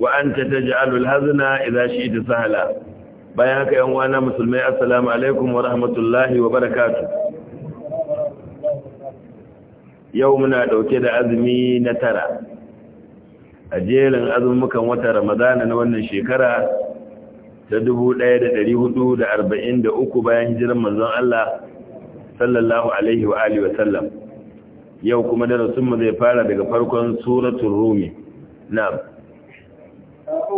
Wa'anta ta anta taj'alul hazna idza shi'ta sahla bayan haka yan uwana musulmai assalamu alaikum wa rahmatullahi wa barakatuh yau muna dauke da azumi na tara a jerin azumukan wata ramadana na wannan shekara ta 1443 bayan hijiran manzon Allah sallallahu alaihi wa alihi wa sallam yau kuma darasin mu zai fara daga farkon suratul rumi na'am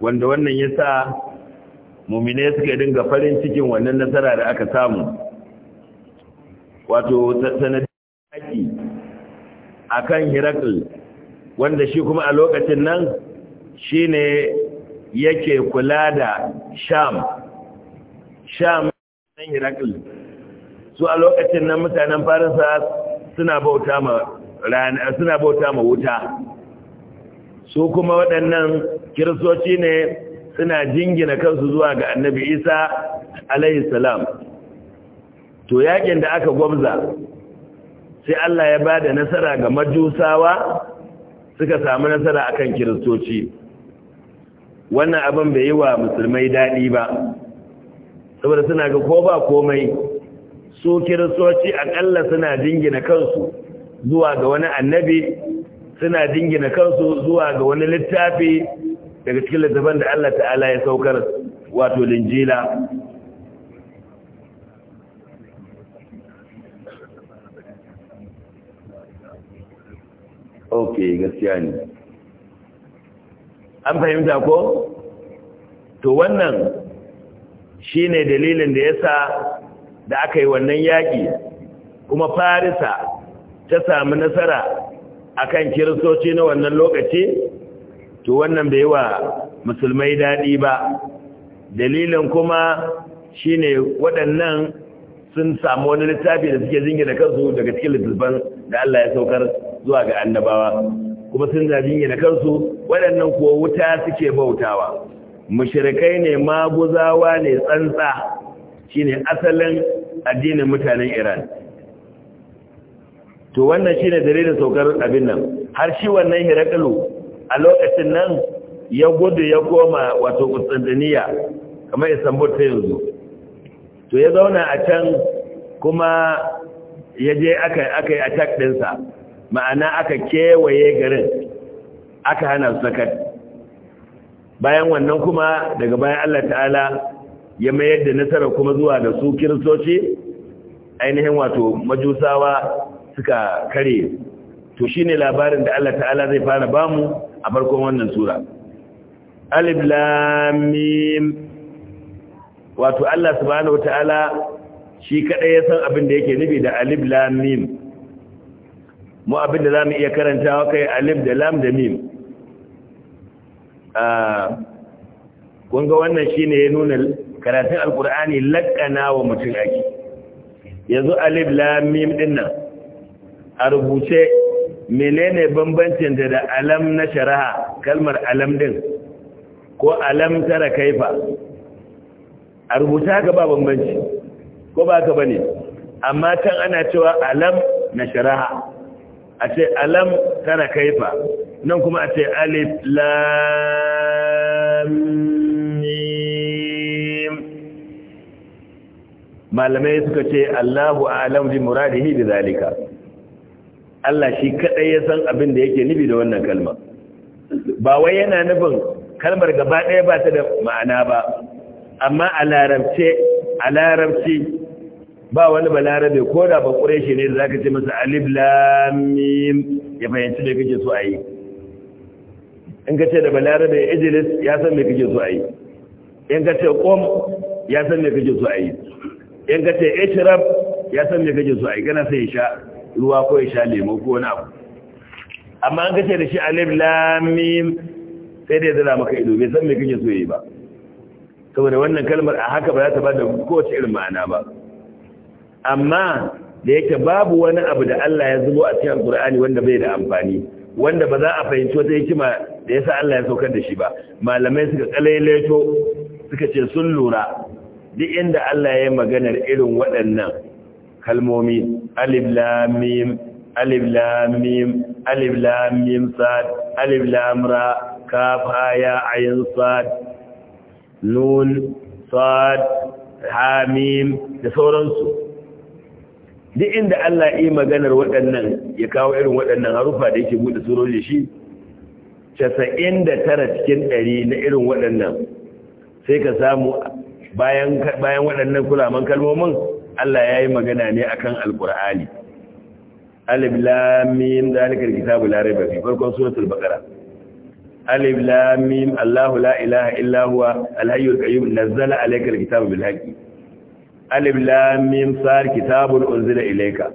wanda wannan ya sa mummine suka dinga farin cikin wannan nasara da aka samu wato sanadin haƙi a kan hirakul wanda shi kuma a lokacin nan shi ne yake kula da sham sham ɗan hirakul su a lokacin nan mutanen faransa suna bauta ma wuta su kuma waɗannan kirsoci ne suna jingina kansu zuwa ga annabi isa alaihi salam to yakin da aka gwabza sai allah ya ba da nasara ga majusawa suka samu nasara akan kiristoci wannan abin bai yi wa musulmai daɗi ba saboda suna ga ko ba komai su kiristoci akalla suna jingina kansu zuwa ga wani annabi suna dingina kansu zuwa ga wani littafi daga cikin littafin da Allah ta'ala ya saukar wato linjila ok gaskiya ne an fahimta ko to wannan shine dalilin da yasa da aka yi wannan yaƙi kuma farisa ta sami nasara akan kiristoci na wannan lokaci to wannan bai wa musulmai daɗi ba dalilin kuma shine waɗannan sun samu wani littafi da suke jingina kansu daga cikin littattafan da Allah ya saukar zuwa ga annabawa kuma sun da jingina kansu waɗannan kuwa wuta suke bautawa mushrikai ne maguzawa ne tsantsa shine asalin addinin mutanen Iran to wannan shine dalilin saukar abin nan har shi wannan hirakalu a lokacin nan ya gudu ya koma wato Constantinople kamar Istanbul ta yanzu to ya zauna a can kuma ya je aka aka yi a din ma'ana aka kewaye garin aka hana sakat bayan wannan kuma daga bayan Allah ta'ala ya mayar da nasarar kuma zuwa da su kiristoci ainihin wato majusawa suka kare to shine labarin da Allah ta'ala zai fara bamu a farkon wannan sura alif lam wato Allah subhanahu wataala shi kadai ya san abin da yake nufi da alif lam mu abin da zamu iya karantawa kai alif da lam da mim ah kun ga wannan shine ya nuna karatun alkur'ani lakana wa mutum ake yanzu alif lam mim dinnan a rubuce menene bambancin da da alam na shari'a kalmar alam din ko alam tara kaifa a rubuce haka ba bambanci ko ba ka bane amma can ana cewa alam na shari'a a ce alam tara kaifa nan kuma a ce alif lamim malamai suka ce Allahu a'lam bi muradihi bi zalika Allah shi kadai ya san abin da yake nufi da wannan kalma ba wai yana nufin kalmar gaba ɗaya ba ta da ma'ana ba amma a larabce a larabci ba wani balarabe ko da ba shi ne da zaka ce masa alif lam mim ya fahimci me kake so ayi in ka ce da balarabe ijlis ya san me kake so ayi in ka ce qum ya san me kake so ayi in ka ce ishrab ya san me kake so ayi kana sai sha ruwa ko ya sha lemo ko wani abu amma an kace da shi alif lam sai da zana maka ido bai san me kake so yi ba saboda wannan kalmar a haka ba za ta bada kowace irin ma'ana ba amma da yake babu wani abu da Allah ya zubo a cikin Qur'ani wanda bai da amfani wanda ba za a fahimci wata hikima da yasa Allah ya saukar da shi ba malamai suka kalaileto suka ce sun lura duk inda Allah ya yi maganar irin waɗannan kalmomi alif lam mim alif lam mim alif lam mim sad alif lam ra kaf ha ya ayin sad nun sad ha mim da sauransu duk inda Allah yi maganar waɗannan ya kawo irin waɗannan harufa da yake bude surori shi casa'in da tara cikin ɗari na irin waɗannan sai ka samu bayan waɗannan kulaman kalmomin Allah ya yi magana ne akan alkur'ani alif lam mim zalikal kitabu la raiba fi farkon suratul baqara alif lam Allahu la ilaha illa huwa al-hayyul qayyum nazzala alaykal kitaba bil haqqi alif lam mim sar kitabun unzila ilayka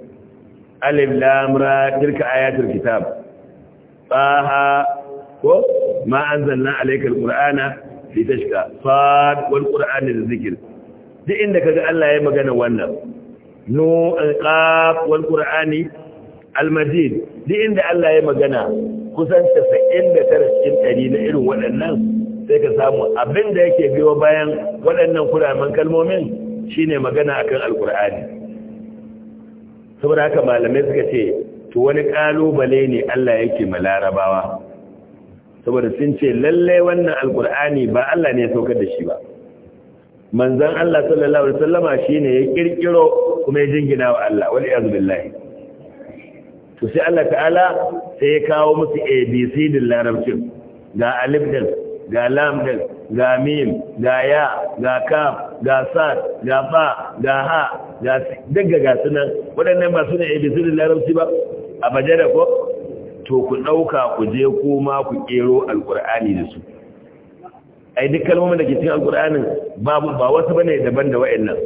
alif lam ra tilka ayatul kitab taha ko ma anzalna alaykal qur'ana litashqa sad wal da dhikr duk inda kaga Allah ya magana wannan nu alqaf wal qur'ani al majid duk inda Allah ya magana kusan 99 cikin 100 na irin waɗannan sai ka samu abinda yake biyo bayan waɗannan kuraman kalmomin shine magana akan alqur'ani saboda haka malamai suka ce to wani kalubale ne Allah yake ma larabawa saboda sun ce lallai wannan alqur'ani ba Allah ne ya saukar da shi ba manzan Allah sallallahu alaihi wasallama shine ya kirkiro kuma ya jingina wa Allah Wani iyaz billahi to sai Allah ta'ala sai ya kawo musu abc din larabcin ga alif din ga lam din ga mim ga ya ga kaf ga sad ga ba ga ha ga daga ga sunan waɗannan ba su ne abc din larabci ba a bajada ko to ku ɗauka ku je kuma ku kero alƙur'ani da su ai duk kalmomin da ke cikin alkur'anin babu ba wasu bane daban da wayannan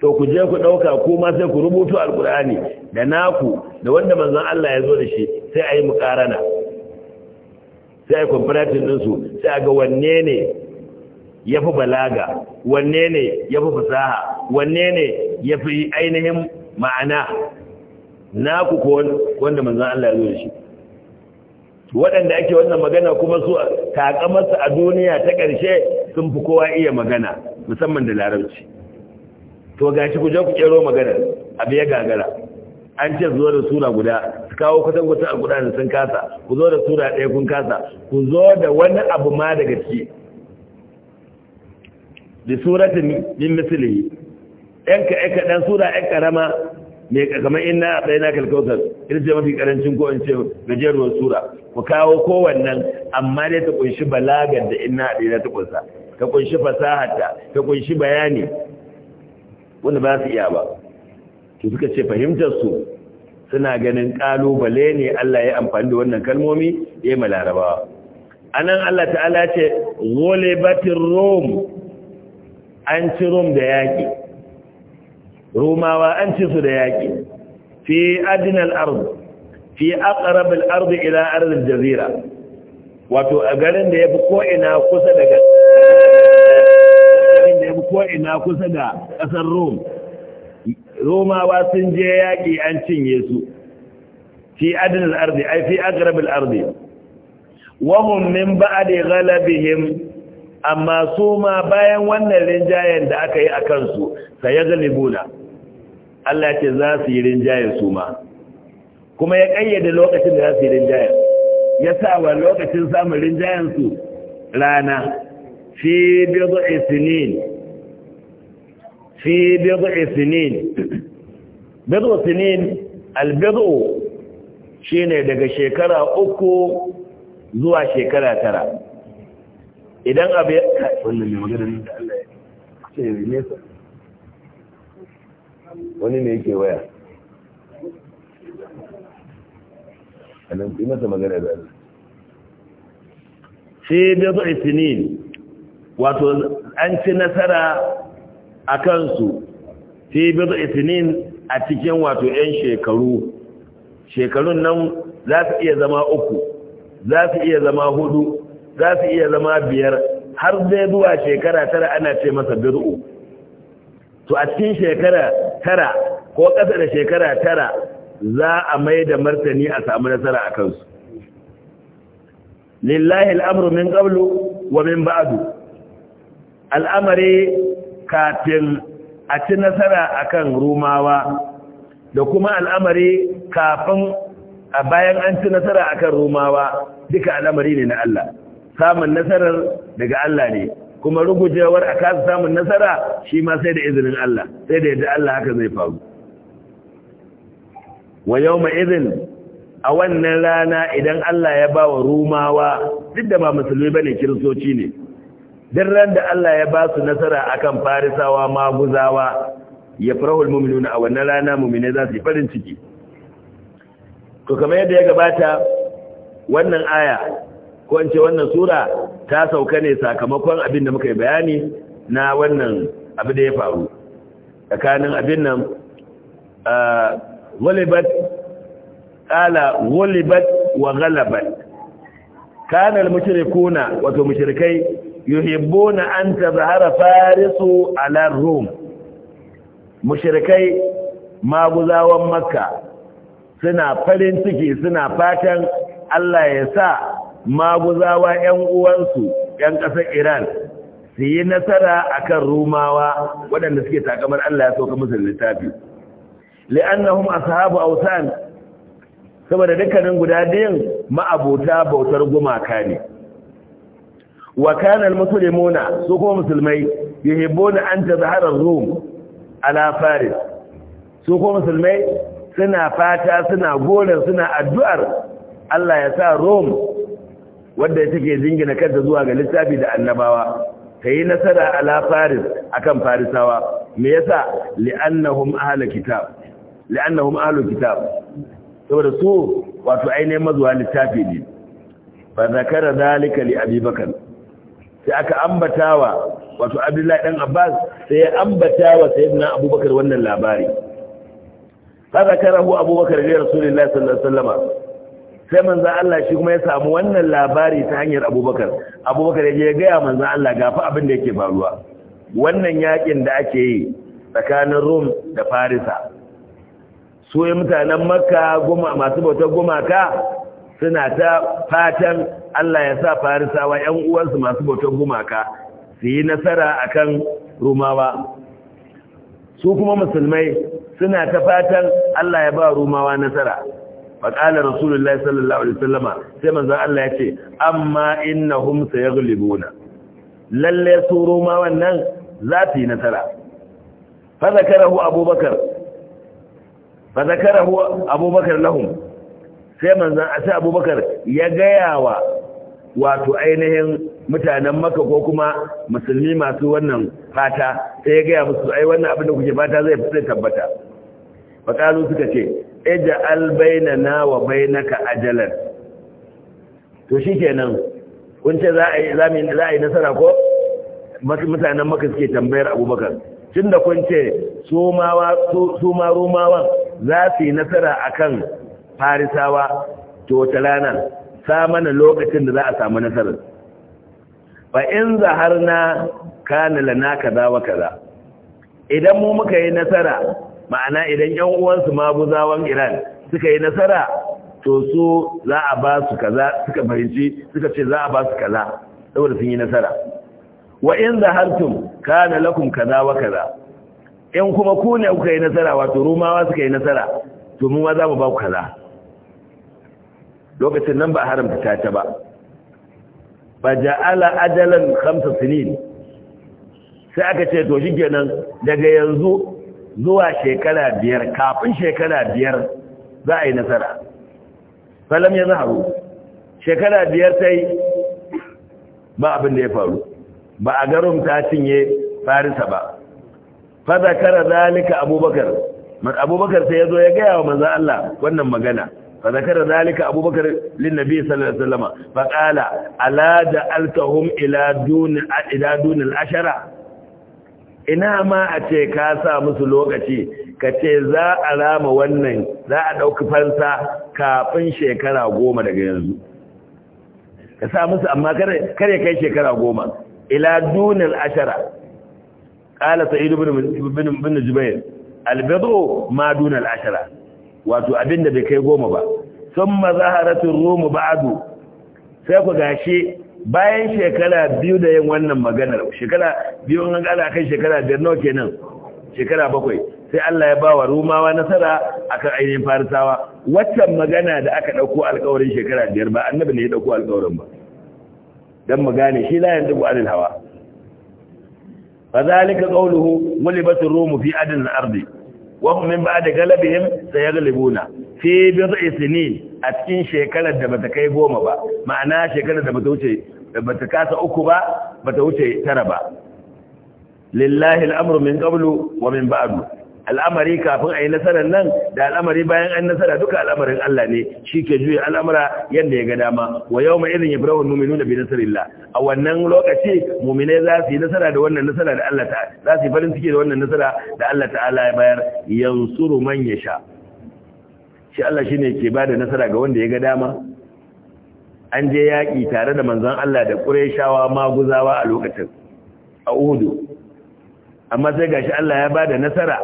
to ku je ku dauka ko ma sai ku rubuto alkur'ani da naku da wanda manzon Allah ya zo da shi sai ayi mukarana sai ayi comparative din su sai ga wanne ne yafi balaga wanne ne yafi fasaha wanne ne yafi ainihin ma'ana naku ko wanda manzon Allah ya zo da shi waɗanda ake wannan magana kuma su takamarsa a duniya ta ƙarshe sun fi kowa iya magana musamman da larabci to gashi ku je ku kero magana abu ya gagara an ce zuwa da sura guda su kawo kusan kusan a gudanar sun kasa ku zo da sura ɗaya kun kasa ku zo da wani abu ma daga ciki da suratin min misali ɗan ka ɗan sura ɗan ƙarama me kamar inna bayna kalkautar Ina ce mafi karancin ko in ce gajeruwar sura ku kawo kowannan amma dai ta kunshi balagar da inna bayna ta kunsa ta kunshi fasahata ta kunshi bayani wanda ba su iya ba to suka ce fahimtar su suna ganin ƙalubale ne Allah ya amfani da wannan kalmomi ya yi malarabawa anan Allah ta'ala ce batin rum an ci rum da yaki rumawa an ci su da yaƙi fi adinal arz fi aqrabil arz ila arzil jazira wato a garin da yafi ko ina kusa da garin da yafi ko ina kusa da kasar Rome Romawa sun je yaƙi an cinye su fi adinal arz ai fi aqrabil arz wa hum min ba'di ghalabihim amma su ma bayan wannan rinjayen da aka yi a kansu sai ya galibuna Allah ce za su yi rinjaye su ma kuma ya kayyade lokacin da za su yi rinjaye ya sa wa lokacin samun rinjayen su rana fi bidu isinin fi bidu isinin bidu isinin albidu shine daga shekara uku zuwa shekara tara idan abu ya wannan ne maganar da Allah ya ce ne wani ne yake waya anan nan yi masa magana da Allah sai da zo isinin wato an ci nasara a kansu sai bai zo isinin a cikin wato 'yan shekaru shekarun nan za su iya zama uku za su iya zama hudu za su iya zama biyar har zai zuwa shekara tara ana ce masa bir'u to a cikin shekara tara ko ƙasa da shekara tara za a mai da martani a samu nasara a kansu lillahi al'amru min qablu wa min ba'adu. al'amari kafin a ci nasara a kan rumawa da kuma al'amari kafin a bayan an ci nasara a kan rumawa duka al'amari ne na Allah samun nasarar daga Allah ne kuma rugujewar a kasa samun nasara shi ma sai da izinin Allah sai da yadda Allah haka zai faru wa ma idhin a wannan rana idan Allah ya bawa rumawa duk da ba musulmi ne kiristoci ne duk ran da Allah ya ba su nasara akan farisawa maguzawa ya farahul mu'minuna a wannan rana mu'mine za su yi farin ciki to kamar yadda ya gabata wannan aya ko an ce wannan sura ta sauka ne sakamakon abin da muka yi bayani na wannan abu da ya faru tsakanin abin nan walibat ƙala walibat wa galabat kana al-mushrikuna wato mushrikai yuhibbuna an tazhara farisu ala rum mushrikai maguzawan makka suna farin ciki suna fatan Allah ya sa maguzawa 'yan uwansu 'yan ƙasar iran su yi nasara a kan rumawa waɗanda suke takamar allah ya sauka musu littafi li'annahum ashabu ausan saboda dukkanin guda biyun ma'abota bautar gumaka ne wa kana almuslimuna su kuma musulmai yuhibbuna an tazhara rum ala faris su kuma musulmai suna fata suna gonar suna addu'ar Allah ya sa Rome wadda take jingina kanta zuwa ga littafi da annabawa ta yi nasara ala faris akan farisawa me yasa li'annahum ahlul kitab li'annahum ahlul kitab saboda su wato ainihin mazuwa littafi ne fa zakara zalika li abubakar sai aka ambatawa wato abdullahi dan abbas sai ya ambatawa sayyidina abubakar wannan labari fa zakarahu abubakar ga rasulullahi sallallahu alaihi wasallama sai manzan Allah shi kuma ya samu wannan labari ta hanyar abubakar abubakar ya je gaya manzan Allah gafi abin da yake faruwa wannan yakin da ake yi tsakanin rum da farisa su yi mutanen makka masu bautar gumaka suna ta fatan Allah ya sa farisawa 'yan uwansu masu bautar gumaka su yi nasara a kan rumawa su kuma musulmai suna ta fatan Allah ya ba rumawa nasara faƙalar rasulullahi sallallahu alaihi wasallama sai manzon Allah ya ce amma innahum sayaghlibuna lalle su roma wannan za wannan yi nasara fa zakarahu abubakar fa zakarahu abubakar lahum sai manzon sai abubakar ya gayawa wato ainihin mutanen Makka ko kuma musulmi masu wannan fata sai ya gaya musu ai wannan abin da kuke fata zai fi tabbata faƙalu suka ce albaina na wa bainaka ajalan to shikenan kun ce za a yi za a yi nasara ko mutanen maka suke tambayar abubakar tun da kun ce su ma za su yi nasara akan farisawa to wata samana lokacin da za a samu nasarar fa in na kana lana kaza wa kaza idan mu muka yi nasara ma'ana idan yan uwansu buzawan iran suka yi nasara to su za a ba su kaza suka fahimci suka ce za a ba su kaza saboda sun yi nasara wa in zahartum kana lakum kaza wa kaza in kuma ku ne kuka yi nasara wato rumawa suka yi nasara to mu ma za mu ba ku kaza lokacin nan ba a haramta ta ta ba ba ja'ala ajalan khamsa sinin sai aka ce to shikenan daga yanzu zuwa shekara biyar kafin shekara biyar za a yi nasara salam ya zaharu shekara biyar sai ba abin da ya faru ba a garin ta cinye farisa ba faza kara zalika abubakar abubakar sai ya zo ya gaya wa manzan Allah wannan magana faza kara zalika abubakar linnabi sallallahu alaihi wasallam fa qala ala ja'altahum ila dun ila dun ashara ina ma a ce ka sa musu lokaci ka ce za a rama wannan za a ɗauki fansa kafin shekara goma daga yanzu ka sa musu amma kare kai shekara goma ila dunin ashara ƙala sa'idu bin jubair albedo ma dunin ashara wato abinda bai kai goma ba sun mazaharatun romu ba'adu sai ku gashi bayan shekara biyu da yin wannan maganar shekara biyu an gala kai shekara biyar nawa kenan shekara bakwai sai Allah ya bawa rumawa nasara akan ainihin farisawa waccan magana da aka dauko alƙawarin shekara biyar ba annabi ne ya dauko alƙawarin ba dan mu gane shi la yanzu alil hawa fadhalika qawluhu ghulibatir rum fi adn al-ardi wa hum min ba'di galabihim sayaghlibuna fi bid'i sinin a cikin shekarar da bata kai goma ba ma'ana shekarar da bata wuce Da bata kasa uku ba bata wuce tara ba lillahi al'amru min qablu wa min ba'du al'amari kafin ayi nasarar nan da al'amari bayan an nasara duka al'amarin Allah ne ke juye al'amara yanda ya ga dama wa yawma idhin yabrahu almu'minuna bi nasrillah a wannan lokaci mu'minai za su yi nasara da wannan nasara da Allah ta'ala za su farin ciki da wannan nasara da Allah ta'ala ya bayar yansuru man yasha shi Allah shine ke bada nasara ga wanda ya ga dama an je yaƙi tare da manzon Allah da ma maguzawa a lokacin a Uhudu. amma sai gashi Allah ya ba da nasara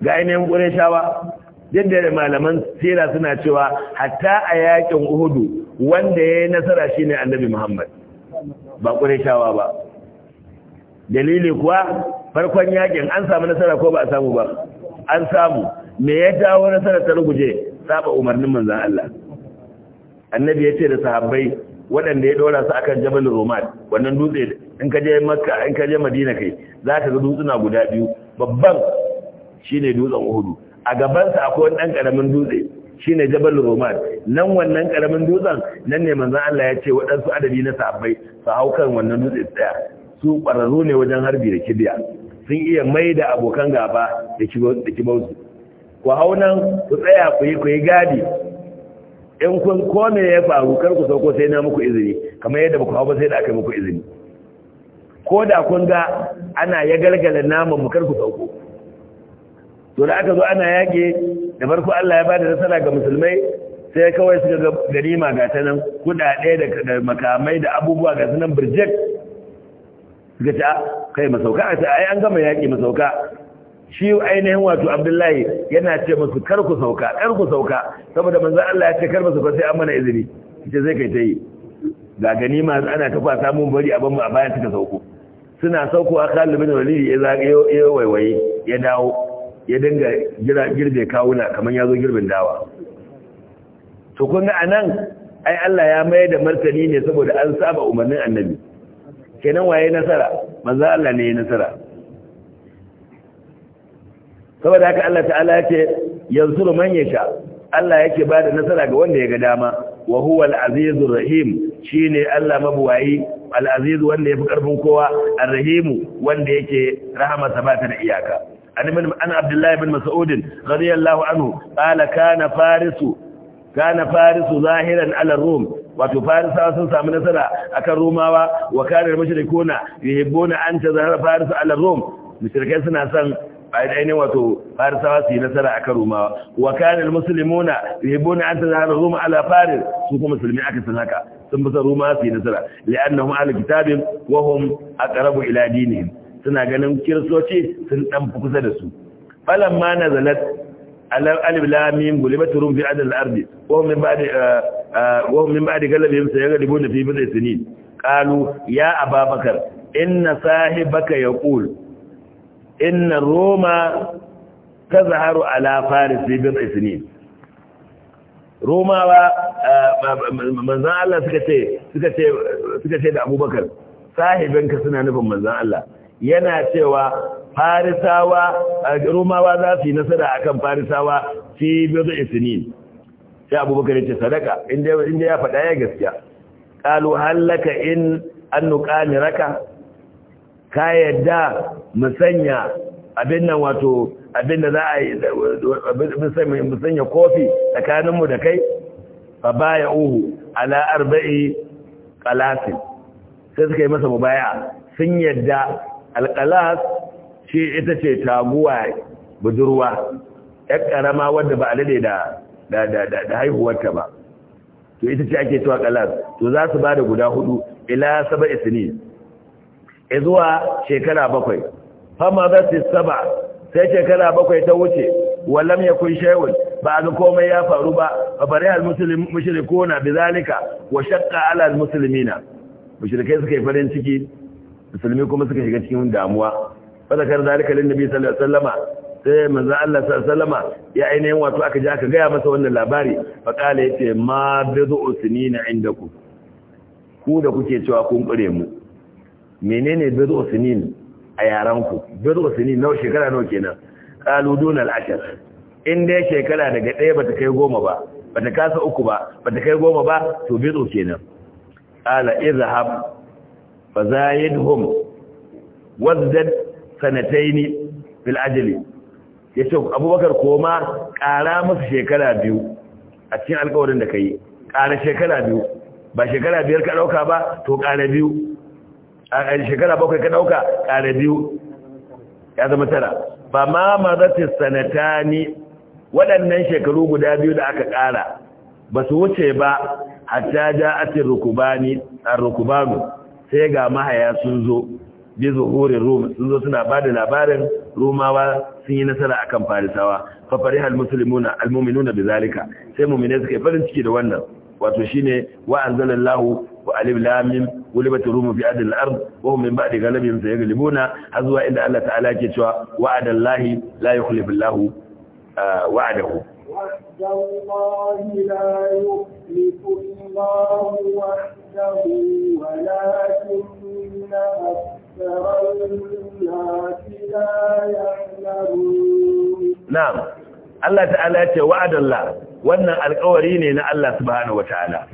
ga ainihin shawa? yadda malaman tsira suna cewa hatta a yaƙin Uhudu, wanda ya yi nasara shine Annabi Muhammad ba shawa ba dalili kuwa farkon yaƙin an samu nasara ko ba a samu ba an samu me ya dawo nasara ta ruguje saba umarnin manzon Allah annabi ya ce da sahabbai waɗanda ya ɗora su akan jabal roman wannan dutse in ka je makka in ka je madina kai za ka ga dutsuna guda biyu babban shine dutsen uhudu a gaban sa akwai wani ɗan ƙaramin dutse shine jabal roman nan wannan ƙaramin dutsen nan ne manzon Allah ya ce waɗansu adabi na sahabbai su hau wannan dutse tsaya su ƙwararru ne wajen harbi da kibiya sun iya mai da abokan gaba da su. ku hau nan ku tsaya ku yi gadi in kun kome ya faru kar ku sauko sai na muku izini kamar yadda ba ku hau ba sai da aka muku izini ko da kun ga ana ya gargala naman mu kar ku sauko to da aka zo ana yaki da farko Allah ya bada nasara ga musulmai sai kawai suka ga ganima ga ta nan kudade da makamai da abubuwa ga sunan birjek suka ta kai masauka a ai an gama yaƙi masauka shi ainihin wato abdullahi yana ce masu kar ku sauka kar ku sauka saboda manzan Allah ya ce kar ku sauka sai an mana izini ce zai kai ta yi ga gani masu ana ta samun bari a banmu a bayan suka sauko suna sauko a kan limin walidi ya zagayo ya waiwaye ya dawo ya dinga jira girbe kawuna kamar ya zo girbin dawa to kun ga anan ai Allah ya mayar da martani ne saboda an saba umarnin annabi kenan waye nasara manzan Allah ne ya nasara saboda haka Allah ta'ala yake yansuru man yasha Allah yake bada nasara ga wanda ya ga dama wa huwa al-azizur rahim shine Allah mabuwayi al-aziz wanda yafi karfin kowa ar-rahim wanda yake rahamarsa ba ta da iyaka an abdullahi bin mas'ud radiyallahu anhu qala kana farisu kana farisu zahiran ala rum wato farisawa sun samu nasara akan rumawa wa kana al-mushrikuna yuhibbuna an tazahara farisu ala rum mushrikai suna son ainihin wato farisawa su yi nasara akan rumawa wa kanil muslimuna yuhibbuna an tana tazahara ruma ala faris su kuma musulmi aka san haka sun fi san rumawa su yi nasara li'annahum ala kitabin wahum a aqrabu ila dini, suna ganin kiristoci sun dan fi kusa da su falamma nazalat alif lam mim gulibat rum fi adal ardi wa hum min ba'di eh, eh, wa hum min ba'di galabihim sayaghlibuna fi bid'i sinin qalu ya ababakar inna sahibaka yaqul inna roma ta zaharu ala faris bibin isnin romawa eh, manzan Allah suka ce suka ce da abubakar sahibinka suna nufin manzan Allah yana cewa farisawa eh, romawa za su yi nasara akan farisawa fi bizu isnin sai abubakar ya ce sadaka inda ya faɗa ya gaskiya ƙalu hallaka in an nuƙani raka ka yadda mu sanya abin nan wato abin da za a yi mu sanya kofi tsakaninmu da kai fa baya uhu ala arba'i qalasin sai suka yi masa mubaya sun yadda alqalas shi ita ce taguwa budurwa yar karama wadda ba a dade da da haihuwarta ba to ita ce ake cewa kalas. to za su bada guda hudu ila saba sinin zuwa shekara bakwai fama za su saba sai shekara bakwai ta wuce wallam ya kun shewun ba a komai ya faru ba a bari al-mushrikuna bi zalika wa shaqqa ala al-muslimina mushrikai suka yi farin ciki musulmi kuma suka shiga cikin damuwa fadakar zalika lin nabi sallallahu alaihi wasallama sai manzo Allah sallama ya ainihin wato aka ji aka gaya masa wannan labari kale yace ma bidu usnina indakum ku da kuke cewa kun kure mu menene bid'u sinin a yaran ku bid'u sinin nawa shekara nawa kenan qalu dunal ashar in dai shekara daga ɗaya bata kai goma ba bata kasa uku ba bata kai goma ba to bid'u kenan ala izhab fazayidhum wazdad sanatayn bil ajli yace abubakar koma ƙara musu shekara biyu a cikin alƙawarin da kai ƙara shekara biyu ba shekara biyar ka ɗauka ba to ƙara biyu a shekara bakwai ka ɗauka ƙara biyu ya zama tara ba ma sanata sanatani waɗannan shekaru guda biyu da aka ƙara ba su wuce ba a ja'atir rukubani a rukubanu sai ga mahaya sun zo bi zuhurin rum sun zo suna bada labarin rumawa sun yi nasara a kan farisawa fafari farihal muslimuna al-mu'minuna zalika. sai mu'mine suka farin ciki da wannan wato shine wa anzalallahu wa alif lam mim gulibat rum fi adil ard wa hum min ba'di ghalabihim sayaglibuna har zuwa inda Allah ta'ala ke cewa wa'adallahi la yukhlifu Allahu uh, wa'adahu وحده الله لا يخلف الله وحده ولكن أكثر الناس لا يعلمون wannan alkawari ne na Allah subhanahu wataala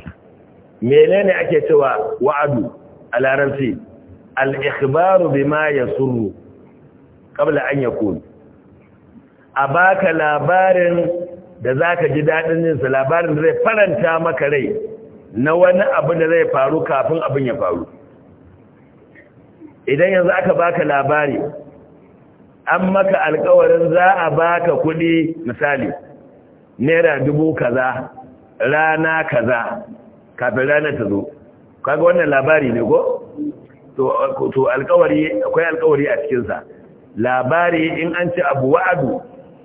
menene ake cewa wa'adu a larabci al-ikhbaru bima yasurru qabla an yakun a baka labarin da zaka ji dadin yin labarin da zai faranta maka rai na wani abu da zai faru kafin abin ya faru idan yanzu aka baka labari an maka alkawarin za a baka kudi misali naira dubu kaza rana kaza kafin rana ta zo kaga wannan labari ne ko to alkawari akwai alkawari a cikinsa labari in an ci abu wa'adu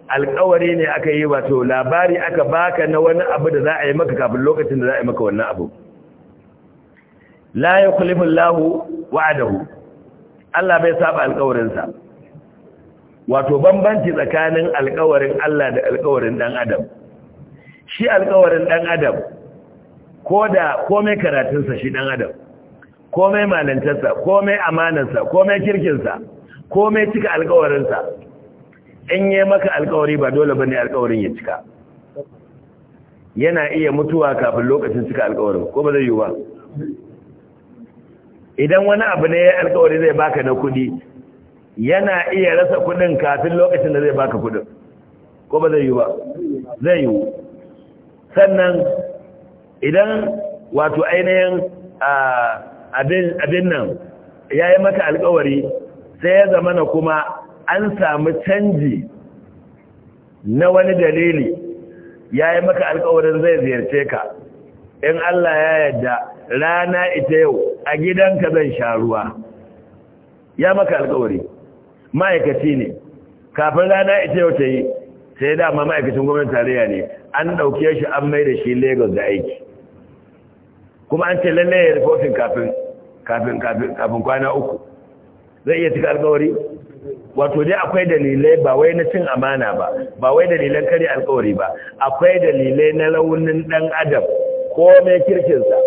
alkawari ne aka yi wato labari aka baka na wani abu da za a yi maka kafin lokacin da za a yi maka wannan abu la yukhlifu lahu wa'adahu Allah bai saba alkawarinsa wato bambanci tsakanin alkawarin Allah da alkawarin dan adam shi alkawarin ɗan adam ko da komai karatunsa shi ɗan adam komai malantarsa komai amanarsa komai kirkinsa komai cika alkawarinsa in yi maka alkawari ba dole ba ne alkawarin ya cika yana iya mutuwa kafin lokacin cika alkawarin ko ba zai yi ba idan wani abu ne ya alkawari zai baka na kudi yana iya rasa kudin kafin lokacin da zai baka kudin ko ba zai yi ba zai yi sannan idan wato ainihin abin nan ya yi maka alkawari sai ya zamana kuma an samu canji na wani dalili ya yi maka alkawarin zai ziyarce ka in Allah ya yadda rana ita yau a gidanka zan sha ruwa ya maka alkawari ma'aikaci ne kafin rana ita yau ta yi sai dama ma'aikacin gwamnati tarayya ne an ɗauke shi an mai da shi lagos da aiki kuma an ce lalle ya rufofin kafin kwana uku zai iya cika alkawari wato dai akwai dalilai ba wai na cin amana ba ba wai dalilan kare alkawari ba akwai dalilai na launin dan adam ko mai kirkinsa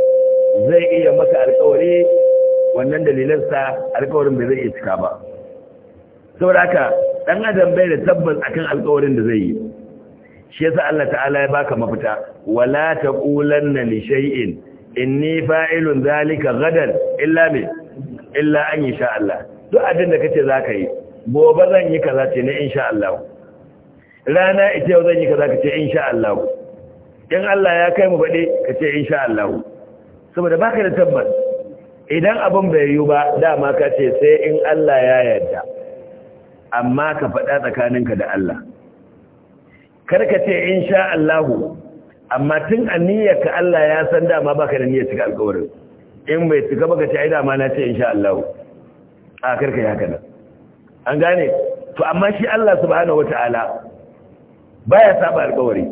zai iya maka alkawari wannan dalilansa alkawarin bai zai iya cika ba saboda haka dan adam bai da tabbas akan alƙawarin da zai yi shi yasa Allah ta'ala ya baka mafita wala taqulanna li shay'in inni fa'ilun zalika gadan illa bi illa an insha Allah duk abin da kace zaka yi gobe zan yi kaza ce ne insha Allah rana ita yau zan yi kaza kace insha Allah in Allah ya kai mu bade kace insha Allah saboda baka da tabbas idan abin bai yiwu ba dama kace sai in Allah ya yarda amma ka faɗa tsakaninka da Allah karka ce in sha Allahu amma tun ka Allah ya san dama baka da niyyar cika alƙawarin in bai cika baka ce ai dama na ce sha Allahu a karka yi haka nan an gane to amma shi Allah subhanahu ba baya saba alƙawari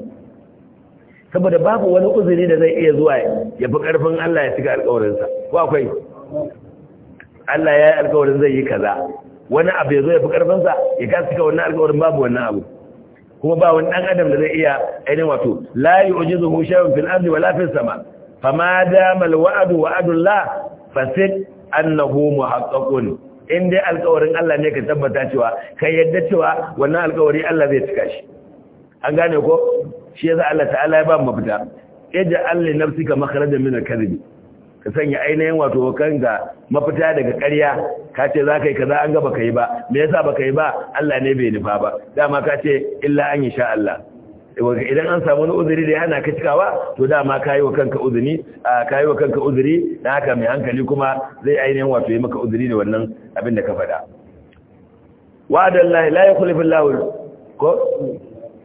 saboda babu wani uzuri da zai iya zuwa ya fi ƙarfin Allah ya cika alkawarinsa, ko akwai Allah ya yi alƙawarin zai yi kaza wani abu ya zo ya fi ƙarfinsa ya kasa cika wannan alƙawarin babu wannan abu kuma ba wani ɗan adam da zai iya ainihin wato Layi oji zuhu shawin fil arzi wa lafin sama fama dama wa'adu wa'adun la fasik annahu muhaqqaqun in dai alƙawarin Allah ne ka tabbata cewa kai yadda cewa wannan alƙawari Allah zai cika shi an gane ko shi yasa Allah ta'ala ya ba mu mafita ija alli nafsika makharajan min al-kadhib ka sanya ainihin wato kanka mafita daga ƙarya ka ce za ka yi kaza an ga baka yi ba me yasa baka yi ba Allah ne bai nufa ba dama ka ce illa an yi sha Allah idan an samu wani uzuri da yana kacikawa cikawa to dama ka yi wa kanka uzuri yi wa kanka uzuri da haka mai hankali kuma zai ainihin wato yi maka uzuri da wannan abin da ka faɗa wa'ada Allah la yukhlifu Allah ko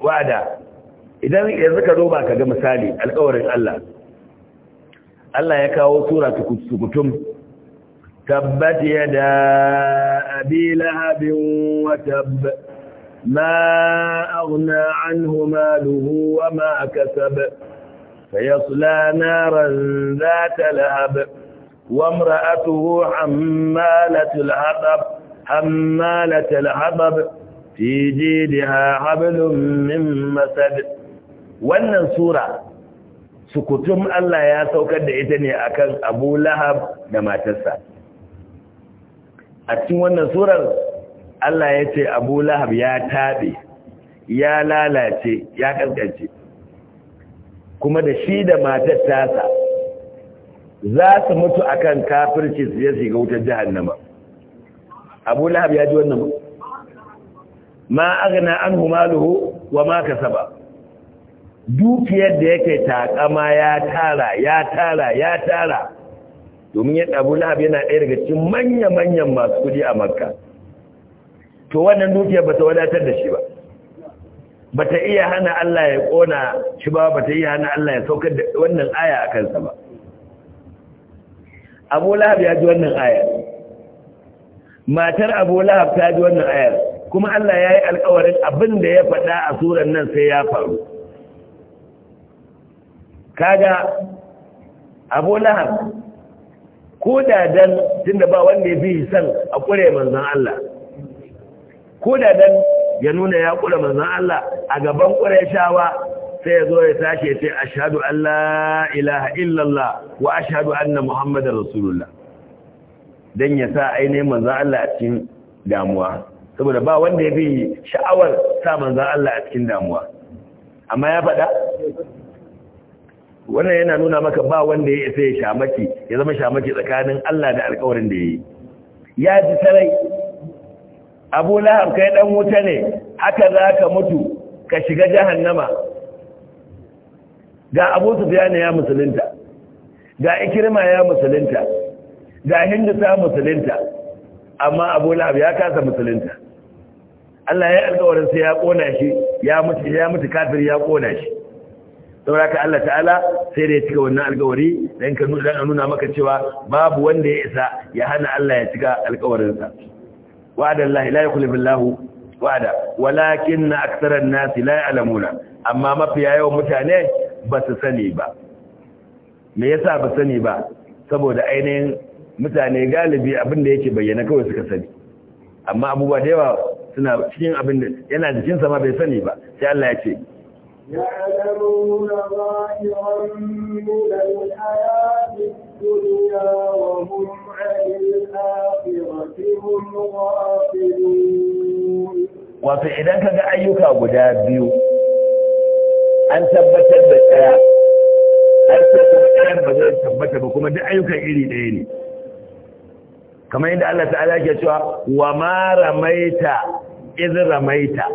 wa'ada idan yanzu ka zo ba ka ga misali alƙawarin Allah Allah ya kawo sura tukutum tabbat yada abi lahabin wa tabb ma aghna anhu maluhu wa ma kasab sayasla naran zata lahab wa imra'atuhu hammalatul hatab hammalatul hatab fi jidha hablum min masad wannan sura sukutum Allah ya saukar da ita ne akan Abu Lahab da matarsa a cikin wannan surar Allah ya ce Abu Lahab ya tabe ya lalace ya kankance kuma da shi da matarsa sa, za su mutu akan kafirci su je shiga wutar jahannama Abu Lahab ya ji wannan ma aghna anhu maluhu wa ma kasaba dukiyar da yake takama ya tara ya tara ya tara domin ya abu lahab yana ɗaya daga cikin manya-manyan masu kudi a makka to wannan dukiyar ba ta wadatar da shi ba ba ta iya hana Allah ya ƙona shi ba ba ta iya hana Allah ya saukar da wannan aya a kansa ba abu lahab ya ji wannan ayar matar abu lahab ta ji wannan ayar kuma Allah ya yi alkawarin abin da ya faɗa a suran nan sai ya faru kaga abu lahab ko da dan tunda ba wanda ya san a kure manzan Allah ko da dan ya nuna ya kure manzan Allah a gaban kure sai ya zo ya tashi ce ashhadu an la ilaha Allah wa ashhadu anna muhammadar rasulullah dan ya sa ainihin manzan Allah a cikin damuwa saboda ba wanda ya bi sha'awar sa manzan Allah a cikin damuwa amma ya faɗa wannan yana nuna maka ba wanda ya isa ya shamaki ya zama shamaki tsakanin Allah da alƙawarin da yayi ya ji sarai Abu Lahab kai dan wuta ne haka zaka mutu ka shiga jahannama ga Abu Sufyan ya musulunta ga Ikrima ya musulunta ga Hindu ta musulunta amma Abu Lahab ya kasa musulunta Allah ya alƙawarin sai ya kona shi ya mutu ya mutu kafir ya kona shi saboda ka Allah ta'ala sai da ya cika wannan alkawari dan ka nuna nuna maka cewa babu wanda ya isa ya hana Allah ya cika alkawarinsa wa'ada Allah la yukhlifu Allah wa'ada walakin aksarar nasi, la ya'lamuna amma mafiya yawan mutane ba su sani ba me yasa ba sani ba saboda ainihin mutane galibi abin da yake bayyana kawai suka sani amma abubuwa da yawa suna cikin abin da yana jikinsa ma bai sani ba sai Allah ya ce يعلمون ظاهرا من الحياة الدنيا وهم عن الآخرة هم غافلون wato idan ka ga ayyuka guda biyu an tabbatar da ɗaya an tabbatar ba zai tabbata ba kuma duk ayyukan iri ɗaya ne kamar yadda Allah ta'ala ke cewa wa ma ramaita iz ramaita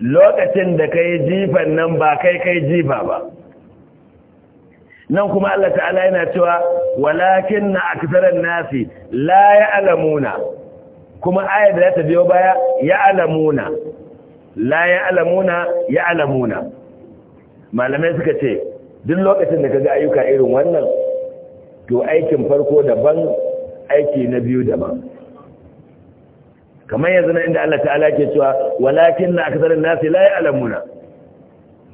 lokacin da ka yi jifan nan ba kai kai jifa ba nan kuma Allah ta'ala yana cewa walakin na aksaran nasi la ya alamuna. kuma ayar da ta biyo baya ya alamuna. la ya alamuna, ya alamuna. malamai suka ce duk lokacin da ka ga ayyuka irin wannan to aikin farko daban aiki na biyu daban kamar yanzu na inda Allah ta'ala ke cewa walakin na akasar nasi la ya'lamuna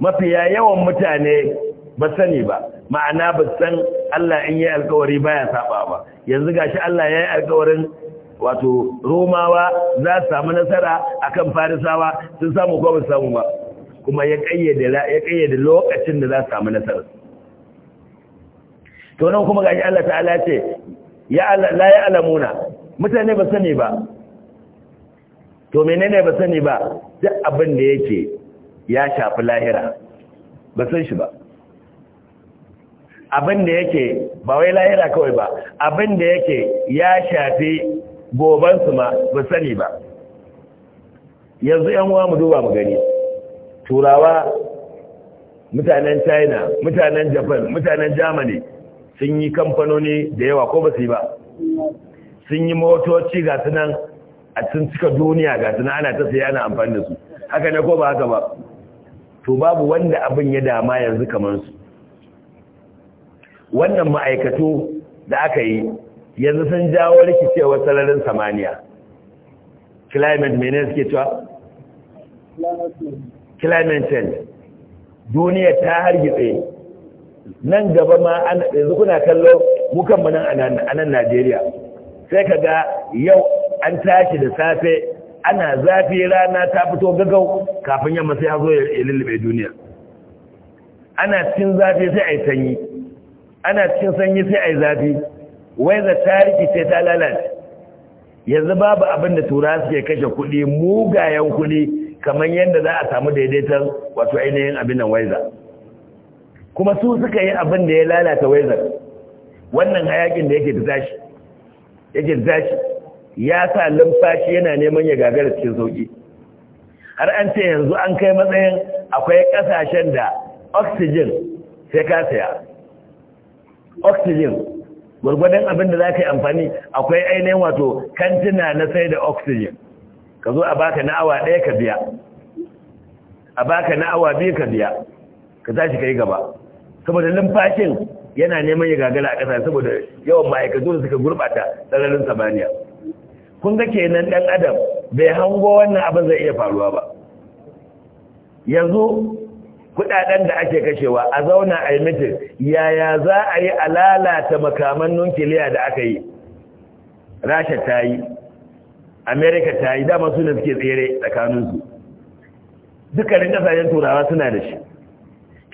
mafiya yawan mutane ba sani ba ma'ana ba san Allah in yi alkawari baya saba ba yanzu gashi Allah ya yi alkawarin wato romawa za su samu nasara akan farisawa sun samu ko ba samu ba kuma ya kayyade lokacin da za su samu nasara to nan kuma gashi Allah ta'ala ce ya la ya'lamuna mutane ba sani ba to menene ba sani ba duk abin da yake ya shafi lahira ba san shi ba abin da yake ba wai lahira kawai ba abin da yake ya shafi gobansu ma ba sani ba yanzu yan uwa mu duba mu gani turawa mutanen china mutanen japan mutanen germany sun yi kamfanoni da yawa ko ba su yi ba sun yi motoci ga su nan a cikin cika duniya ga suna ana ta saya ana amfani da su haka ne ko ba haka ba to babu wanda abin ya dama yanzu kamar su wannan ma'aikatu da aka yi yanzu sun jawo rikicewar sararin samaniya climate mene suke cewa climate change duniya ta hargitse nan gaba ma yanzu kuna kallo mukan nan a nan najeriya sai ka ga yau an tashi da safe ana zafi rana ta fito gagau kafin yamma sai hazo ya lullube duniya ana cikin zafi sai a sanyi ana cikin sanyi sai a zafi wai za ta sai ta lalace yanzu babu abin da tura suke kashe kuɗi mugayen kuɗi kamar yadda za a samu daidaitar wato ainihin abin nan waiza kuma su suka yi abin da ya lalata waizar wannan hayakin da yake tashi yake tashi ya sa lumfashi yana neman ya gagara cikin sauki har an ce yanzu an kai matsayin akwai kasashen da oxygen sai ka saya oxygen gurgudan abin da za ka yi amfani akwai ainihin wato kantina na sai da oxygen ka zo a baka na awa ɗaya ka biya a baka na awa biyu ka biya ka tashi ka yi gaba saboda lumfashin yana neman ya gagara a ƙasa saboda yawan ma'aikatu da suka gurɓata tsararin samaniya kun ga kenan ɗan adam bai hango wannan abin zai iya faruwa ba yanzu kudaden da ake kashewa a zauna a yi mitin yaya za a yi a lalata makaman nukiliya da aka yi rasha ta yi amerika ta yi dama suna suke tsere tsakaninsu dukkanin kasashen turawa suna da shi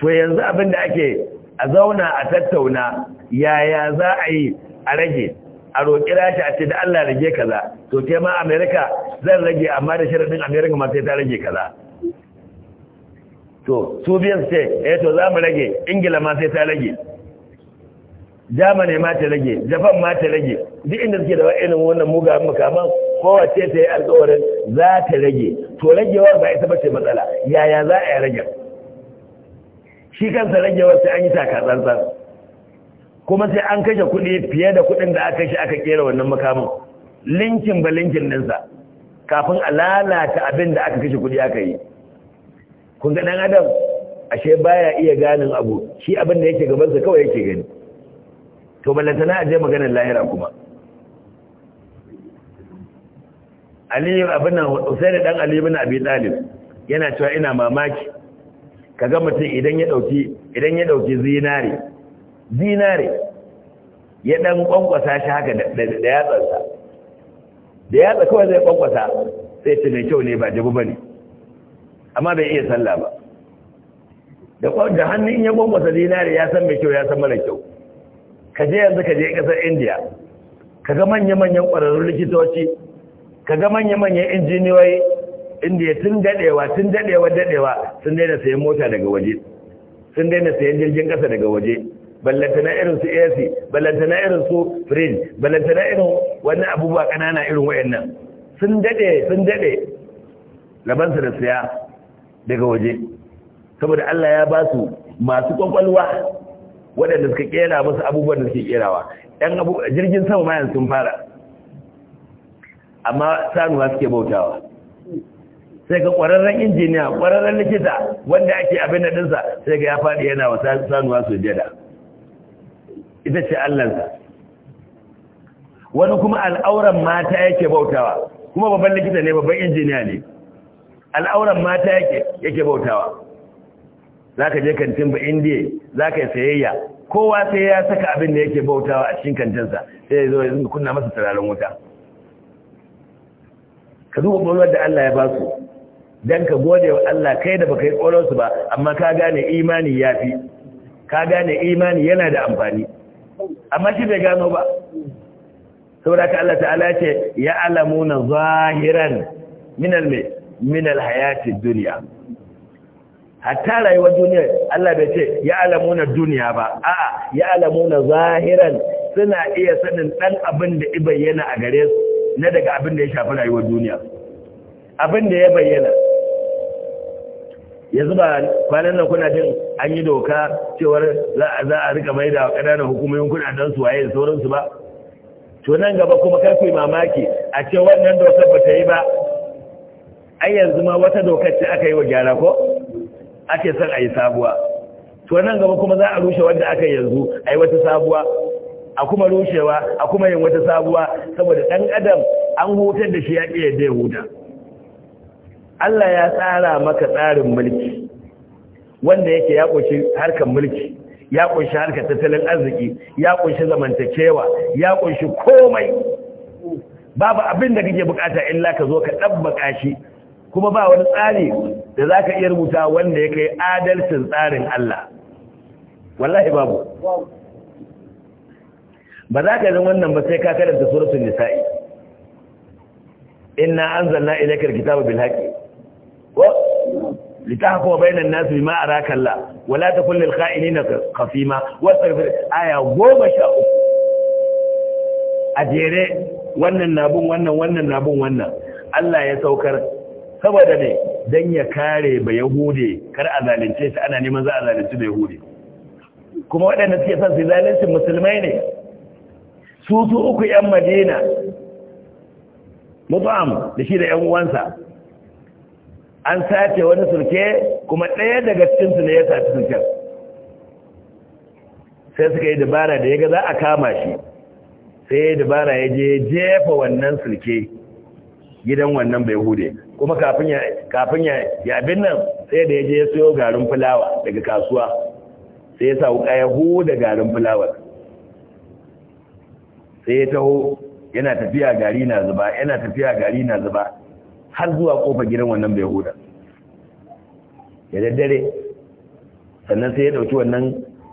to yanzu abin da ake a zauna a tattauna yaya za a yi a rage a roƙi rashi a ce da Allah rage kaza to ke ma amerika zan rage amma da sharaɗin amerika ma sai ta rage kaza to su biyan ce eh to za mu rage ingila ma sai ta rage jamani ma ta rage japan ma ta rage duk inda suke da wa'ilin wannan muga makaman kowace ta yi alkawarin za ta rage to ragewar ba ita ce matsala yaya za a yi rage shi kansa ragewar sai an yi taka tsantsan kuma sai an kashe kuɗi fiye da kuɗin da aka kashe aka kera wannan makamin linkin ba linkin ɗinsa kafin a lalata abin da aka kashe kuɗi aka yi kun ga ɗan adam ashe baya iya ganin abu shi abin da yake gabansa kawai yake gani to ballantana a je maganar lahira kuma aliyu abin nan da ɗan aliyu bin abi talib yana cewa ina mamaki ga mutum idan ya ɗauki idan ya ɗauki zinari zinare ya dan kwankwasa shi haka da yatsansa da yatsa kawai zai kwankwasa sai ce mai kyau ne ba jabu ba ne amma bai iya sallah ba da hannun ya kwankwasa zinare ya san mai kyau ya san mara kyau ka je yanzu ka je kasar india ka ga manya-manyan ƙwararrun likitoci ka ga manya-manyan injiniyoyi inda tun daɗewa tun daɗewa daɗewa sun daina sayan mota daga waje sun daina sayan jirgin ƙasa daga waje ballantana irin su AC ballantana irin su fridge ballantana irin wani abubuwa kanana irin wayannan sun dade sun dade laban su da siya daga waje saboda Allah ya ba su masu kwakwalwa waɗanda suka kera musu abubuwan da suke kerawa ɗan jirgin sama mayan sun fara amma sanuwa suke bautawa sai ga ƙwararren injiniya ƙwararren likita wanda ake abin da ɗinsa sai ga ya faɗi yana wa sanuwa jada ita ce allansa wani kuma al'auran mata yake bautawa kuma babban likita ne babban injiniya ne al'auran mata yake bautawa za ka je kantin ba indiya za ka sayayya kowa sai ya saka abin da yake bautawa a cikin kantinsa sai ya zo ya kunna masa turaren wuta ka duba ƙwarar da Allah ya ba su don ka gode wa Allah kai da baka yi ƙwararsu ba amma ka gane imani ya fi ka gane imani yana da amfani amma shi bai gano ba saboda ka Allah ta'ala ce ya alamuna zahiran minal mai minal hayati duniya hatta rayuwar duniya Allah bai ce ya alamuna duniya ba a'a ya alamuna zahiran suna iya sanin ɗan abin da i bayyana a gare su na daga abin da ya shafi rayuwar duniya abin da ya bayyana yanzu ba kwanan nan kuna jin an yi doka cewar za a rika mai da ƙananan hukumomin kudaden su waye da sauransu ba to nan gaba kuma karfi mamaki a ce wannan dokar ba ta yi ba ai yanzu ma wata dokar ce aka yi wa gyara ko ake son a yi sabuwa to nan gaba kuma za a rushe wanda aka yanzu a yi wata sabuwa a kuma rushewa a kuma yin wata sabuwa saboda ɗan adam an hutar da shi ya ƙi yadda ya huta Allah ya tsara maka tsarin mulki wanda yake ya ƙunshi harkar mulki ya ƙunshi harkar tattalin arziki ya ƙunshi zamantakewa ya ƙunshi komai babu abin da kake bukata illa ka zo ka ɗabbaka shi kuma ba wani tsari da za ka iya rubuta wanda ya kai adalcin tsarin Allah wallahi babu ba za ka zan wannan ba sai ka karanta suratul nisa'i inna anzalna ilaykal kitaba bil haqq ko litahkum bainan nas bima araka Allah wala takul lil kha'inina khasima wastaghfir aya 13 ajere wannan nabun wannan wannan nabun wannan Allah ya saukar saboda ne dan ya kare ba yahude kar a zalunce shi ana neman za a zalunci da yahude kuma waɗanda suke son su zalunci musulmai ne Susu uku yan madina mutu'am da shi da yan uwansa an sace wani sulke kuma ɗaya daga cikinsu ne ya sace sulken sai suka yi dabara da ya ga za a kama shi sai ya dabara ya je jefa wannan sulke gidan wannan bai hude kuma kafin ya kafin ya abin nan sai da ya je ya siyo garin fulawa daga kasuwa sai ya sa wuka ya huda garin fulawar sai ya taho yana tafiya gari na zuba yana tafiya gari na zuba har zuwa kofar gidan wannan bai huda ya daddare sannan sai ya dauki wannan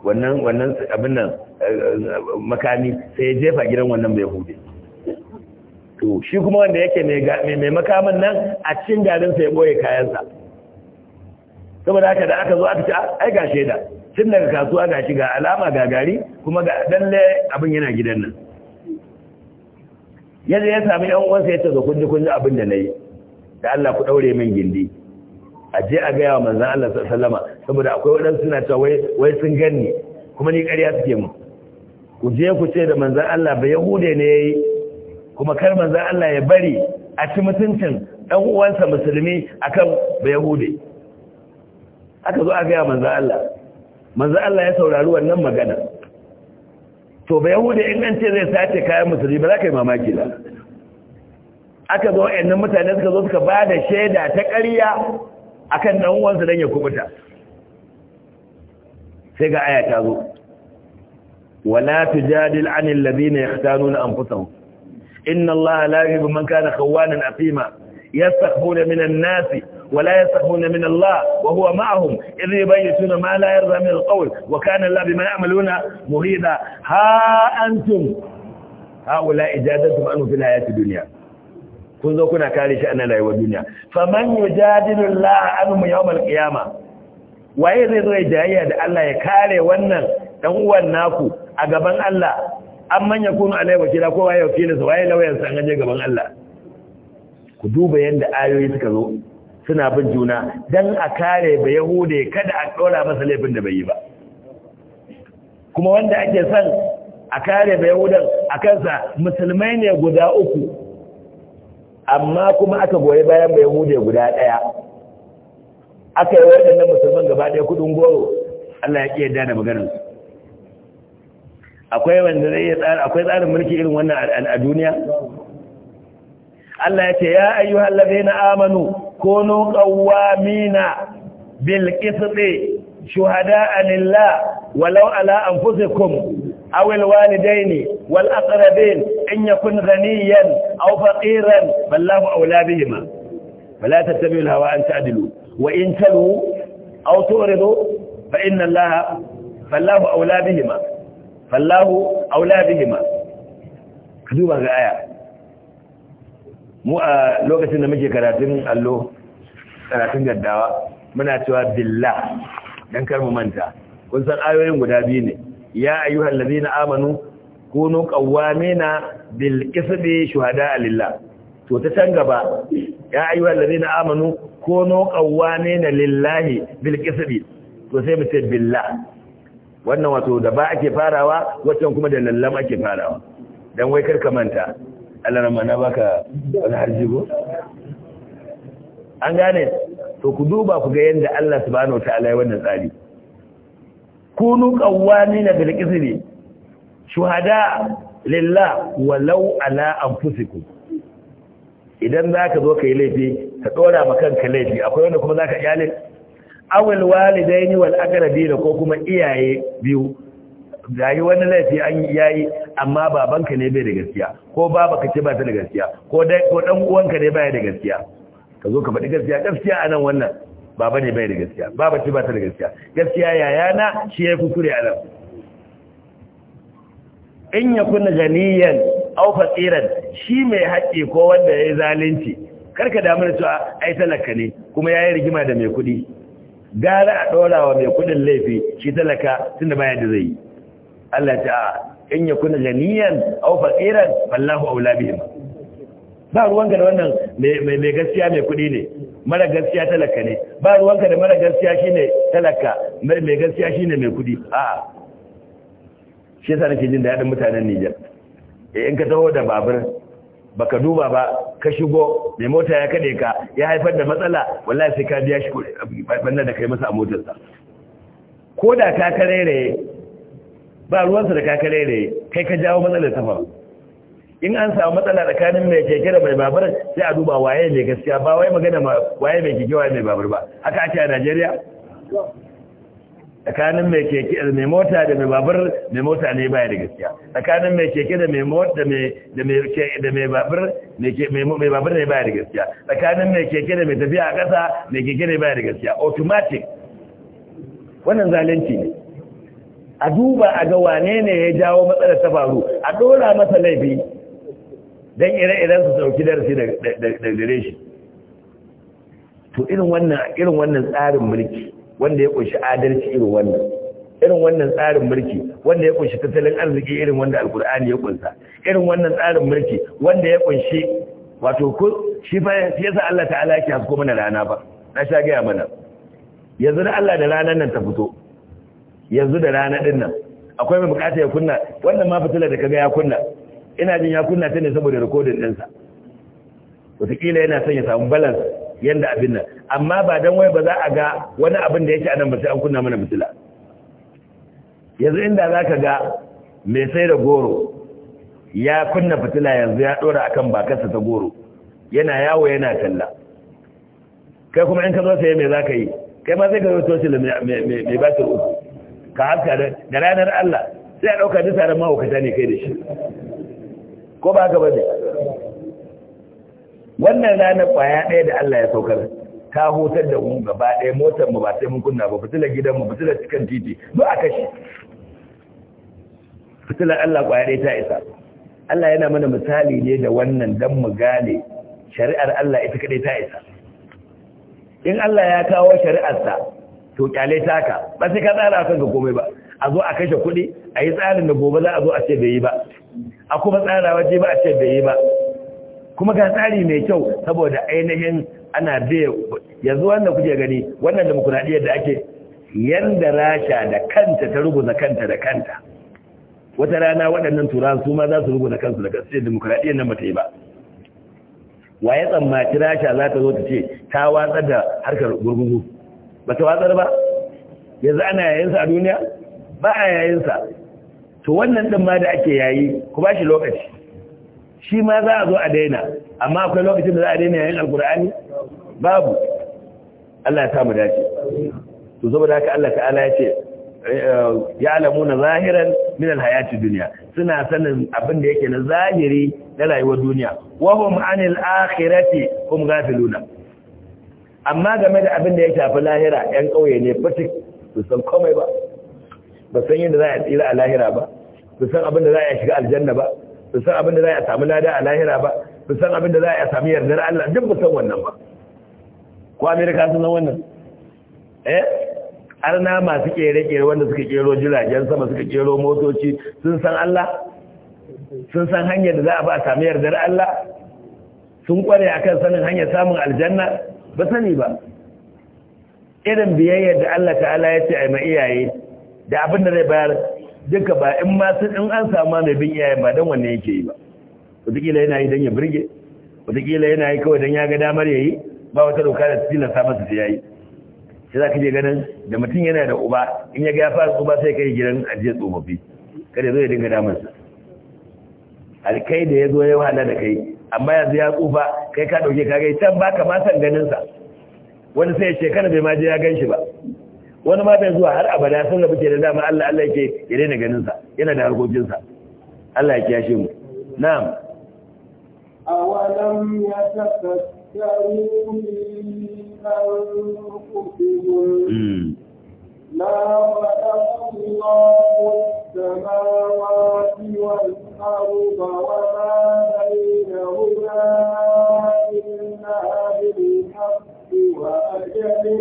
wannan wannan abin nan eh, makami sai ya jefa gidan wannan bai hude to shi kuma wanda yake mai makamin nan a cikin garin sai ya boye kayansa saboda haka da aka zo aka ce ah, ai ga sheda tun daga kasuwa ga shi ga alama ga gari kuma ga dalle abin yana gidan nan Yanzu ya sami yan uwansa ya ce ga kunji kunji abin da na yi da Allah ku daure min gindi a je a gayawa yawa manzan Allah sallama saboda akwai waɗansu suna cewa wai sun ganni kuma ni ƙarya suke mu ku je ku ce da manzan Allah ba yahude ne yayi kuma kar manzan Allah ya bari a ci mutuncin dan uwansa musulmi akan ba yahude aka zo a gaya manzan Allah manzan Allah ya saurari wannan magana to ba yahude in an ce zai sace kayan musulmi ba za ka yi mamaki ba aka zo wa'annan mutane suka zo suka ba da shaida ta ƙarya akan dan uwansu dan ya kubuta sai ga aya ta zo wala tujadil anil ladina yahtanuna anfusahum inna allaha la yuhibbu man kana khawanan athima yastakhbuna minan nasi wa la ولا يستخفون من الله وهو ma la yarda min لا يرضى من القول وكان الله بما muhida ha antum أنتم هؤلاء إجادتهم أنه في الحياة الدنيا kun zo kuna kare shi annan rayuwar duniya faman yujadilu llaha anhum yawmal qiyama waye zai zo da da Allah ya kare wannan dan uwan naku a gaban Allah an manya kunu alai wakila ko waye wakila sa waye lawayan san an gaje gaban Allah ku duba yanda ayoyi suka zo suna bin juna dan a kare ba yahude kada a dora masa laifin da bai yi ba kuma wanda ake son a kare ba yahudan a kansa musulmai ne guda uku amma kuma aka goyi bayan bai hude guda ɗaya aka yi waɗannan musulman gaba ɗaya kudin goro Allah ya ƙi yadda da maganarsu akwai wanda zai yi tsara akwai tsarin mulki irin wannan a duniya Allah ya ce ya ayyuhal na amanu kunu qawwamina bil qisti Shuhada lillah walau ala anfusikum aw Awil walidaini wal aqrabin إن يكن غنيا أو فقيرا فالله أولى بهما فلا تتبعوا الهوى أن تعدلوا وإن تلوا أو تعرضوا فإن الله فالله أولى بهما فالله أولى بهما ga غاية mu a lokacin da muke karatun allo karatun gaddawa muna cewa billah dan kar mu manta kun san ayoyin guda biyu ne ya ayyuhal ladina amanu kunu qawamina bil qisti shuhada lillah to ta can gaba ya ayyuhal ladina amanu kunu qawamina lillahi bil qisti to sai mu ce billah wannan wato da ba ake farawa wancan kuma da lallam ake farawa dan wai karka manta Allah na mana baka wani harjigo an gane to ku duba ku ga yadda Allah subhanahu wataala ya wannan tsari kunu qawamina bil qisti shuhada lillah walau ala anfusikum idan zaka zo kai laifi ka dora ma kanka laifi akwai wanda kuma zaka iyale awal walidaini wal aqrabina ko kuma iyaye biyu gayi wani laifi an yayi amma babanka ne bai da gaskiya ko ka ce ba ta da gaskiya ko dai ko dan uwanka ne bai da gaskiya ka zo ka faɗi gaskiya gaskiya anan wannan baba ne bai da gaskiya baba ce ba ta da gaskiya gaskiya yayana shi ya kukure anan in ya kuna ganiyan au fasiran shi mai haƙƙi ko wanda ya yi zalunci karka damar da cewa ai talaka ne kuma ya yi rigima da mai kuɗi gara a ɗora wa mai kuɗin laifi shi talaka tun da bayan da zai yi Allah ta in ya kuna ganiyan au fasiran fallahu wula bihim ba ruwanka da wannan mai gaskiya mai kuɗi ne mara gaskiya talaka ne ba ruwanka da mara gaskiya shine talaka mai gaskiya shine mai kuɗi a'a shi yasa nake jin daɗin mutanen Nijar eh, in ka taho da babur baka duba ba ka shigo mai mota ya kade ka ya haifar da matsala wallahi sai ka biya shi bannan da kai masa a motarsa ko da ka karere ba ruwansa da ka karere kai ka jawo matsalar ta ba. in an samu matsala tsakanin mai keke da mai babur, sai a duba waye mai gaskiya ba wai magana waye mai keke waye mai babur ba haka ake a Najeriya tsakanin mai keke da mai mota da mai babur mai mota ne baya da gaskiya tsakanin mai keke da mai mota da mai babur mai babur ne baya da gaskiya tsakanin mai keke da mai tafiya a ƙasa mai keke ne baya da gaskiya automatic wannan zalunci ne a duba a ga wane ne ya jawo matsalar ta faru a dora masa laifi Dan ire-iren su sauki darasi da gare shi to irin wannan tsarin mulki wanda ya kunshi adalci irin wannan irin wannan tsarin mulki wanda ya kunshi tattalin arziki irin wanda alkur'ani ya kunsa irin wannan tsarin mulki wanda ya kunshi wato ko shi fa yasa Allah ta'ala yake hasko mana rana ba na sha gaya mana yanzu da Allah da ranar nan ta fito yanzu da rana din nan akwai mai bukata ya kunna wannan ma fitila da kaga ya kunna ina jin ya kunna ta ne saboda rikodin ɗinsa kila yana son ya samu balance yanda abin nan amma ba dan wai ba za a ga wani abin da yake a nan ba sai an kunna mana fitila yanzu inda za ka ga mai sai da goro ya kunna fitila yanzu ya dora akan bakarsa ta goro yana yawo yana talla kai kuma in ka zo sai me za ka yi kai ma sai ka zo toshi mai batir uku ka haska da ranar Allah sai a ɗauka duk tsarin mahaukata ne kai da shi ko ba ka ba wannan ranar kwaya ɗaya da Allah ya saukar ta hutar da mu gaba ɗaya motar mu ba sai mun kunna ba fitila gidan mu fitila cikin titi duk a kashi fitila Allah kwaya ɗaya ta isa Allah yana mana misali ne da wannan dan mu gane shari'ar Allah ita kadai ta isa in Allah ya kawo shari'arsa to kyale taka ba sai ka tsara kanka komai ba a zo a kashe kuɗi a yi tsarin da gobe za a zo a ce bai yi ba a kuma tsara waje ba a ce bai yi ba kuma ga tsari mai kyau saboda ainihin ana biya yanzu wanda kuke gani wannan demokuraɗiyyar da ake yanda rasha da kanta ta rubuta kanta da kanta wata rana waɗannan turan su ma za su rubuta kansu da kansu demokuraɗiyyar nan ba ta yi ba wa ya tsammaci rasha za ta zo ta ce ta watsar da harkar gurgugu? ba ta watsar ba yanzu ana yayinsa a duniya ba a yayinsa to wannan ɗin ma da ake yayi ku ba shi lokaci shi ma za a zo a daina amma akwai lokacin da za a daina yayin alkur'ani babu Allah ya samu dace to saboda haka Allah ta'ala ya ce ya'lamuna zahiran min alhayati dunya suna sanin abin da yake na zahiri na rayuwar duniya wa hum anil akhirati hum ghafiluna amma game da abin da ya shafi lahira yan kauye ne fatik su san komai ba ba san yadda za a tsira a lahira ba su san abin da za a shiga aljanna ba su san abin da za a samu lada a lahira ba su san abin da za a samu yardar Allah duk ba san wannan ba ko amerika sun san wannan eh arna masu kere-kere wanda suka kero jiragen sama suka kero motoci sun san Allah sun san hanyar da za a ba a samu yardar Allah sun kware akan sanin hanyar samun aljanna ba sani ba irin biyayyar da Allah ta'ala ya ce a mai iyaye da abin da zai bayar duka ba in ma sun in an samu mai bin iyaye ba dan wannan yake yi ba wataƙila yana yi dan ya burge wataƙila yana yi kawai dan ya ga damar ya yi ba wata doka da tilasta masa ta ya yi shi za je ganin da mutum yana da uba in ya ga ya fara uba sai kai gidan ajiyar tsofaffi kada zai dinga damar sa alkai da ya zo ya wahala da kai amma yanzu ya tsufa kai ka dauke ka gai can baka ma san ganin sa wani sai ya ce kana bai ma je ya gan shi ba wani ma zuwa har abada sun rabu ke da dama Allah Allah yake ya daina ganinsa, yana da harkokinsa. Allah ya kiyashe mu na'am awalam yatafakkaru أنفسهم ما خلق الله السماوات والأرض وما بينهما إلا بالحق وأجل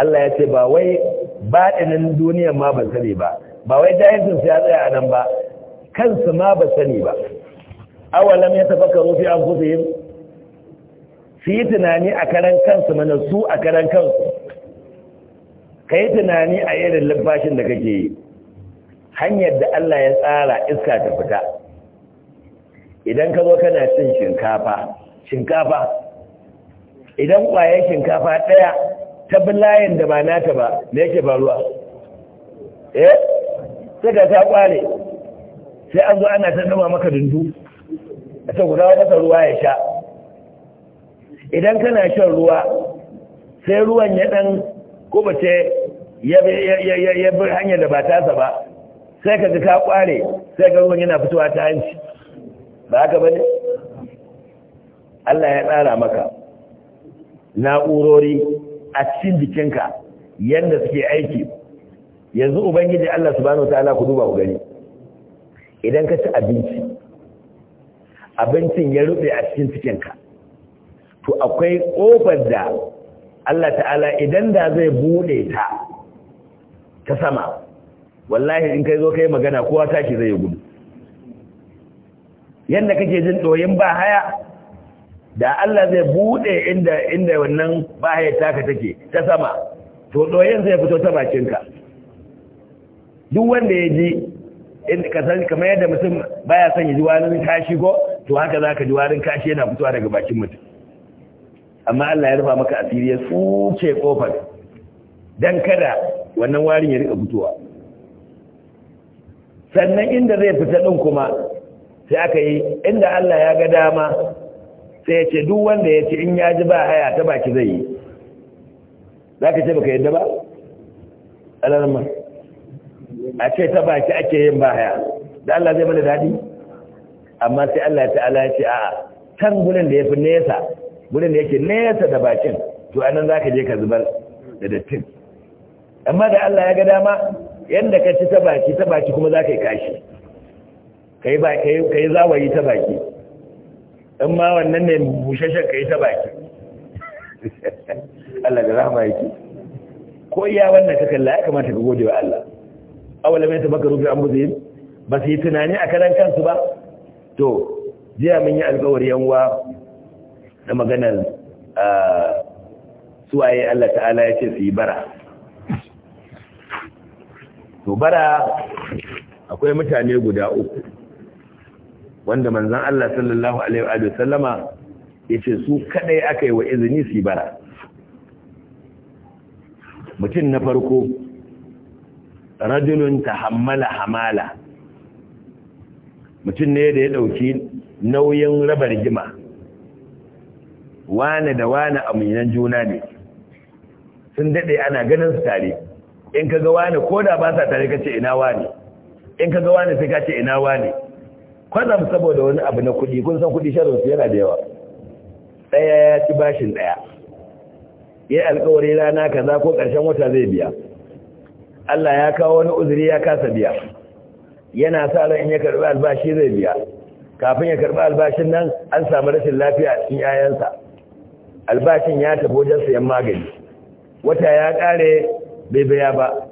Allah ya ce ba wai baɗinin duniyan ma ba sani ba ba wai jahilcin su ya tsaya a nan ba kansu ma ba sani ba awalam ya karo fi an yin su yi tunani a karan kansu mana su a karan kansu ka yi tunani a irin lumfashin da kake yi hanyar da Allah ya tsara iska ta fita idan ka zo kana cin shinkafa shinkafa idan ƙwayar shinkafa ɗaya ta bi layin da ba nata ba da yake faruwa eh sai ga ta kware sai an zo ana ta dama maka dundu a ta guda masa ruwa ya sha idan kana shan ruwa sai ruwan ya dan ce ya bi hanyar da ba tasa ba sai ka ta ka kware sai ga ruwan yana fitowa ta hanci ba haka bane Allah ya tsara maka na'urori a cikin jikinka yadda suke aiki yanzu ubangiji Allah subhanahu ta'ala ku duba gani idan ka ci abinci abincin ya rufe a cikin cikinka to akwai kofar da Allah ta'ala idan da zai bude ta ta sama wallahi in kai zo kai magana kowa tashi zai gudu yadda kake jin doyin ba haya da Allah zai bude inda inda wannan bahaya taka take ta sama to doyen zai fito ta bakinka duk wanda ya ji ka san kamar yadda mutum baya son ya ji warin kashi ko to haka zaka ji warin kashi yana fitowa daga bakin mutum amma Allah ya rufa maka asiri ya tsuce kofar dan kada wannan warin ya rika fitowa sannan inda zai fita din kuma sai aka yi inda Allah ya ga dama sai ya ce duk wanda ya ce in ya ji ba haya ta baki zai yi za ka ce baka yadda ba alarma a ce ta baki ake yin ba haya da Allah zai mana daɗi amma sai Allah ya ta'ala ya ce a kan gudun da ya fi nesa gudun da yake nesa da bakin to anan za ka je ka zubar da dattin amma da Allah ya ga dama yadda ka ci ta baki ta baki kuma za ka yi kashi ka yi zawayi ta baki in ma wannan ne bushashen ka yi ta baki Allah da rahama yake ko iya wannan ka kalla ya kamata ka gode wa Allah awala mai ta baka rufe an buzi ba su yi tunani a kanan kansu ba to jiya mun yi alkawari yanwa na maganar suwaye Allah ta'ala ya ce su yi bara to bara akwai mutane guda uku wanda manzan Allah sallallahu alaihi wa sallama ce su kadai aka yi wa izini su bara mutum na farko rajulun ta hamala mutum ne da ya dauki nauyin rabar jima, wane da wane aminan juna ne sun dade ana ganin su tare in ka kaga wane da ba sa tare kace ina wane in ka ga wane sai kace ina wane kwana saboda wani abu na kuɗi kun san kuɗi sharinsu yana da yawa ɗaya ya ci bashin ɗaya ya alkawari rana kaza ko ƙarshen wata zai biya Allah ya kawo wani uzuri ya kasa biya yana sa ran in ya karɓi albashi zai biya kafin ya karɓi albashin nan an samu rashin lafiya a cikin 'ya'yansa albashin ya tafi wajen sayan magani wata ya ƙare bai biya ba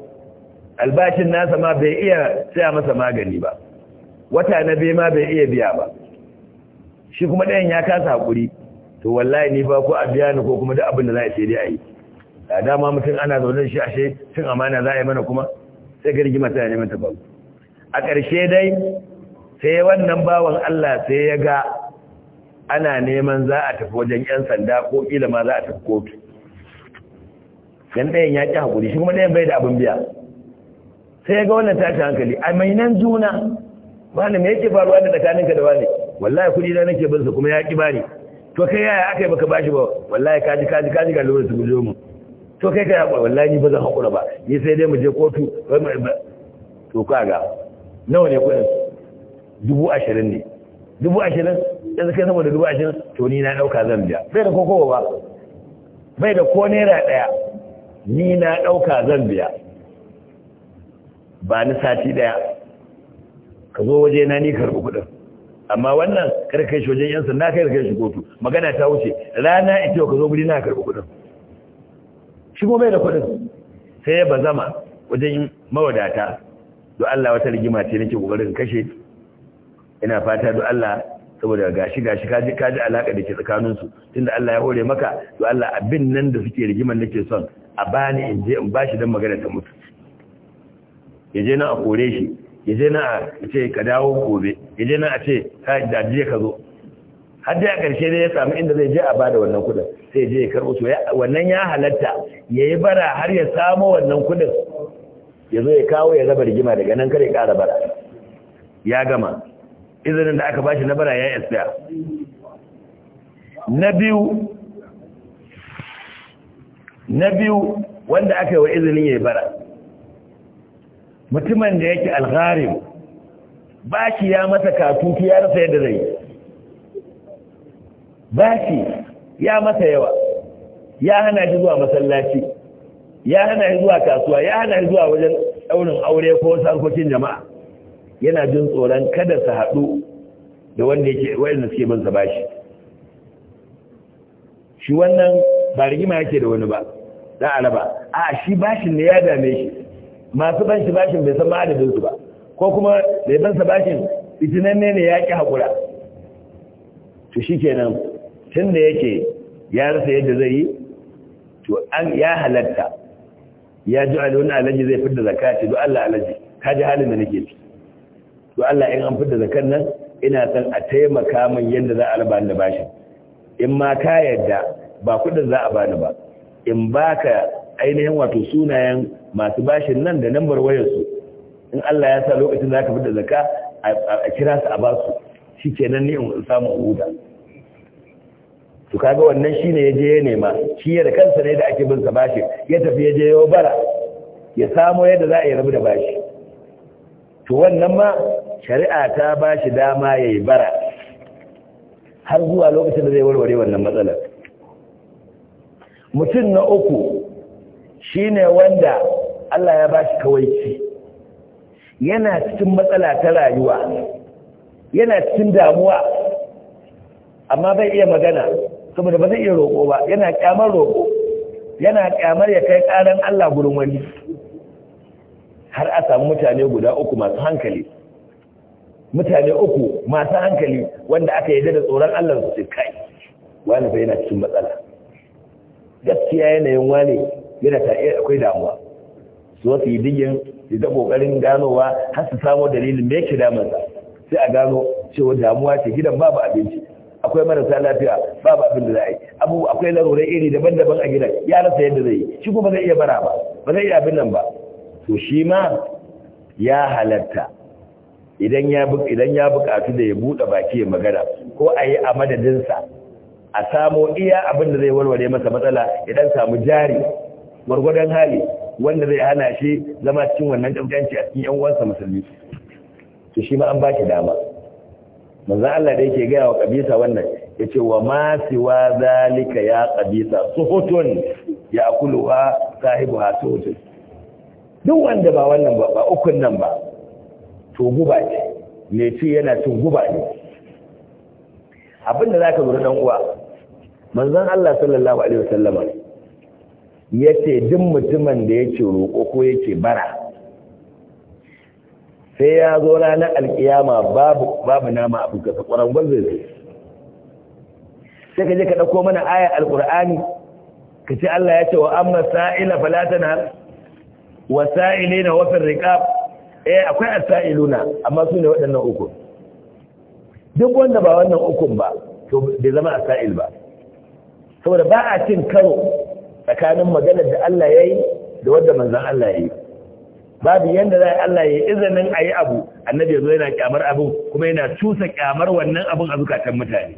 albashin nasa ma bai iya saya masa magani ba wata na biyu ma bai iya biya ba shi kuma ɗayan ya kasa haƙuri to wallahi ni ba ko a biya ni ko kuma duk abin da za a sai dai a yi da dama mutum ana zaune shi ashe cin amana za a yi mana kuma sai ga rigima ta neman ta babu a ƙarshe dai sai wannan bawan Allah sai ya ga ana neman za a tafi wajen ƴan sanda ko kila ma za a tafi kotu dan ɗayan ya ƙi haƙuri shi kuma ɗayan bai da abin biya sai ya ga wannan tashi hankali a nan juna wani me yake faruwa da tsakaninka da wani wallahi kudi na nake bin sa kuma ya ki bani to kai yaya aka yi baka bashi ba wallahi kaji kaji kaji ga lura su zo mu to kai kai hakura wallahi ni ba zan hakura ba ni sai dai mu je kotu to kaga nawa ne kudin dubu ashirin ne dubu ashirin yanzu kai saboda dubu ashirin to ni na dauka zan biya bai da kokowa ba bai da ko naira daya ni na dauka zan biya ba ni sati daya ka zo waje na ni karɓi kuɗin amma wannan karkai shi wajen yan na kai karkai shi kotu magana ta wuce rana ita ka zo guri na karɓi kuɗin shigo mai da kuɗin sai ya bazama wajen mawadata Do Allah wata rigima ce nake kokarin kashe ina fata do Allah saboda gashi gashi kaji kaji alaka da ke tsakanin su tunda Allah ya hore maka do Allah abin nan da suke rigiman nake son a bani in je in bashi dan magana ta mutu ya je a kore shi Yaje na a ce ka dawo gobe yaje na a ce ka dajiye ka zo har da karshe ne ya samu inda zai je a bada wannan kudin sai je ya karbo su wannan ya halatta ya yi bara har ya samo wannan kudin ya zo ya kawo ya raba rigima daga nan kare kara bara ya gama izinin da aka bashi na bara ya isa na biyu na biyu wanda aka yi wa izinin ya yi bara mutumin da yake ba shi ya masa katutu ya rasa yadda zai shi ya masa yawa ya hana shi zuwa masallaci ya hana shi zuwa kasuwa ya hana shi zuwa wajen daurin aure ko wasu harkokin jama'a yana jin tsoron kada su haɗu da wanda yake wanda suke bin sa bashi shi wannan ba rigima yake da wani ba da araba a shi bashin ne ya dame shi masu ban shi bashin bai san ma'adadin su ba ko kuma bai ban sa bashin fitinanne ne ya ki haƙura to shi kenan tun da yake ya rasa yadda zai yi to an ya halatta ya ji alaji zai fidda zakka ce do Allah alaji ka ji halin da nake ci, to Allah in an fidda zakar nan ina san a taimaka min yadda za a raba da bashin in ma ka yadda ba kudin za a bani ba in baka ainihin wato sunayen masu bashin nan da lambar wayarsu in Allah ya sa lokacin da aka fi da zaka a kira su a basu shi ke nan ne in huda to kaga wannan shi ne ya je ya nema shi ya da kansa ne da ake bin sa bashi ya tafi ya je ya bara ya samo yadda za a yi rabu da bashi to wannan ma shari'a ta bashi dama ya yi bara har zuwa lokacin da zai warware wannan matsalar mutum na uku Shi ne wanda Allah ya ba shi kawaici yana cikin matsala ta rayuwa yana cikin damuwa amma bai iya magana saboda ba zai iya roƙo ba yana kyamar roƙo yana kyamar ya kai ƙaran Allah gurin wani har a samu mutane guda uku masu hankali mutane uku masu hankali wanda aka yi da tsoron Allah su kai wani bai yana cikin matsala gaskiya yanayin wani yana ta iya akwai damuwa su wasu yi digin su ta kokarin ganowa har su samo dalilin me yake damunsa sai a gano cewa damuwa ce gidan babu abinci akwai marasa lafiya babu abin da za a yi abu akwai larurai iri daban-daban a gidan ya rasa yadda zai yi shi kuma zai iya bara ba ba zai iya abin nan ba to shi ma ya halatta idan ya idan ya buƙatu da ya buɗe baki ya magana ko a yi a madadinsa a samo iya abin da zai warware masa matsala idan samu jari gwargwadon hali wanda zai hana shi zama cikin wannan kaskanci a cikin yan uwansa musulmi to shi ma an ba ki dama maza Allah da yake gaya wa ƙabisa wannan ya ce wa masu wa zalika ya ƙabisa su hoton ya ha su hoton? duk wanda ba wannan ba ba ukun nan ba to guba ce me ce yana cin guba ne abinda zaka lura ɗan uwa manzan Allah sallallahu alaihi wasallama ya ce duk mutumin da yake roƙo ko yake bara sai ya zo ranar alƙiyama babu nama a bukasa ƙwarangwar zai zai sai ka je ka ɗauko mana ayar alƙur'ani ka ce Allah ya ce wa amma sa'ila falatan na? wa sa'ile na wasan riƙab eh akwai a sa'iluna amma su ne waɗannan uku duk wanda ba wannan ukun ba to bai zama a sa'il ba saboda ba a cin karo tsakanin maganar da Allah ya yi da wadda manzan Allah ya yi babu yadda za Allah ya yi izinin a yi abu annabi ya zo yana kyamar abin kuma yana cusa kyamar wannan abin a zukatan mutane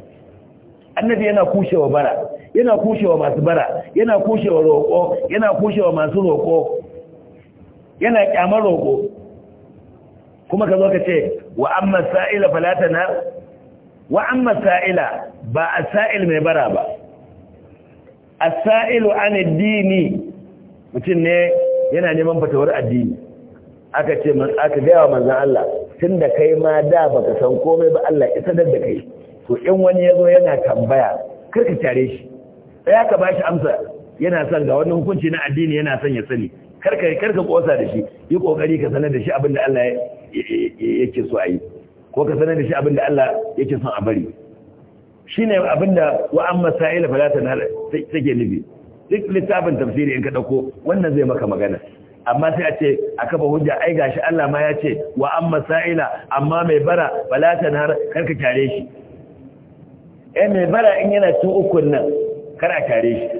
annabi yana kushewa bara yana kushewa masu bara yana kushewa roƙo yana kushewa masu roƙo yana kyamar roƙo kuma ka zo ka ce wa amma sa'ila falatana wa amma sa'ila ba a sa'il mai bara ba asailu an addini mutum ne yana neman fatawar addini aka ce man aka ga manzan Allah tunda kai ma da baka san komai ba Allah isa sanar da kai to in wani ya zo yana tambaya kar ka tare shi sai aka ba shi amsa yana son ga wani hukunci na addini yana son ya sani kar ka kar ka kosa da shi yi kokari ka sanar da shi abin da Allah yake so a yi ko ka sanar da shi abin da Allah yake son a bari Shi ne abin da wa'amma sa'ila Falata na take nufi duk littafin tafsiri in ka dauko wannan zai maka magana amma sai a ce a kafa hujja ai shi, Allah ma ya ce wa sa'ila amma mai bara Falata na karka tare shi eh mai bara in yana cin ukun nan kar a tare shi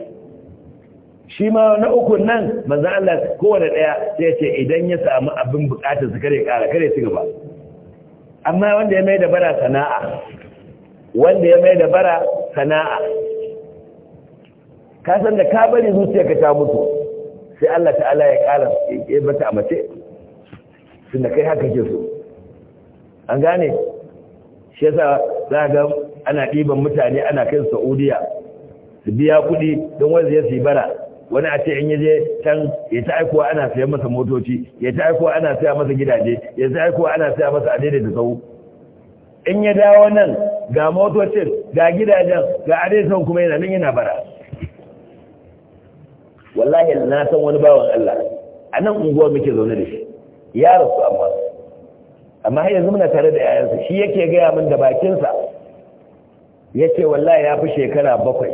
shi ma na ukun nan manzo Allah kowanne daya sai ya ce idan ya samu abin bukatar su kare kara kare su gaba amma wanda ya mai da bara sana'a wanda ya mai da bara sana'a ka san da ka bari zuciya ka ta mutu sai Allah ta'ala ya kara ya bata a mace sun da kai haka ke so an gane shi yasa za ga ana ɗiban mutane ana kai saudiya su biya kuɗi don wanda ya bara wani a ce in yaje can ya ta aikowa ana sayan masa motoci ya ta aikowa ana saya masa gidaje ya ta aikowa ana saya masa adai da sau in ya dawo nan ga motocin ga gidajen ga adesan kuma yana nan yana bara wallahi na san wani bawan Allah a nan unguwa muke zaune da shi ya rasu amma amma har yanzu muna tare da yayansa shi yake gaya min da bakinsa yace wallahi ya fi shekara bakwai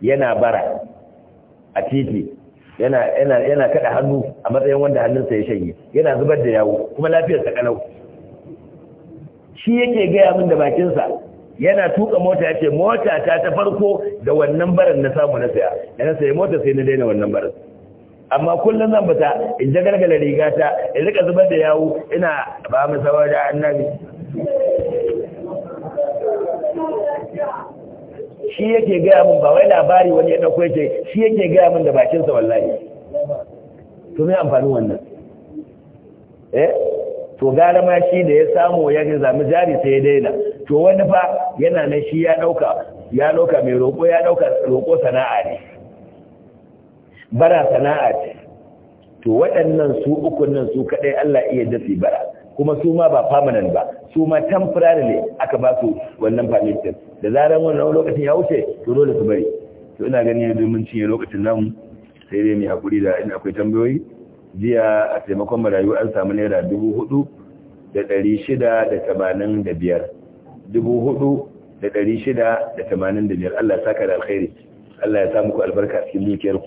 yana bara a titi yana yana kada hannu a matsayin wanda hannunsa ya shanye yana zubar da yawo kuma lafiyarsa kalau shi yake gaya min da bakinsa yana tuka mota ya ce mota ta ta farko da wannan baran na samu na saya da na sayi mota sai na daina wannan baran amma kullum zan fita in ja gargala riga ta in rika zubar da yawo ina ba mu sawa da annabi shi yake gaya min ba wai labari wani ya dauko yake shi yake gaya min da bakinsa wallahi to me amfanin wannan eh to gara ma shi da ya samu ya zami jari sai ya daina to wani fa yana nan shi ya dauka ya dauka mai roko ya dauka roko sana'a ne bara sana'a ce to waɗannan su uku nan su kadai Allah iya dafi bara kuma su ma ba permanent ba su ma temporary ne aka ba su wannan permission da zaran wannan lokacin ya wuce to dole su bari to ina ganin domin cinye lokacin nan sai dai mai hakuri da in akwai tambayoyi jiya a taimakon marayu an samu naira dubu hudu da dari shida da tamanin da biyar dubu hudu da dari shida da tamanin da biyar Allah ya saka da alkhairi Allah ya samu ku albarka cikin dukiyarku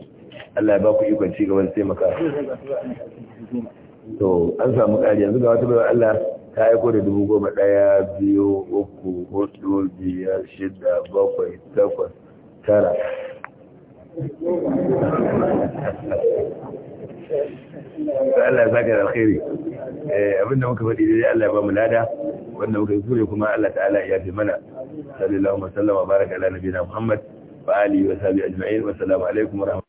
Allah ya ba ku ikon ci gaban taimaka to an samu ƙari yanzu ga wata bayan Allah ta aiko da dubu goma ɗaya biyu uku hudu biyar shida bakwai takwas tara Allah ya saka da alkhairi eh, abinda muka faɗi dai Allah ya ba mu lada wanda muka yi kure kuma Allah ta'ala ya fi mana sallallahu alaihi wa sallam wa baraka ala nabiyina Muhammad wa alihi wa sahbihi ajma'in wa assalamu alaikum wa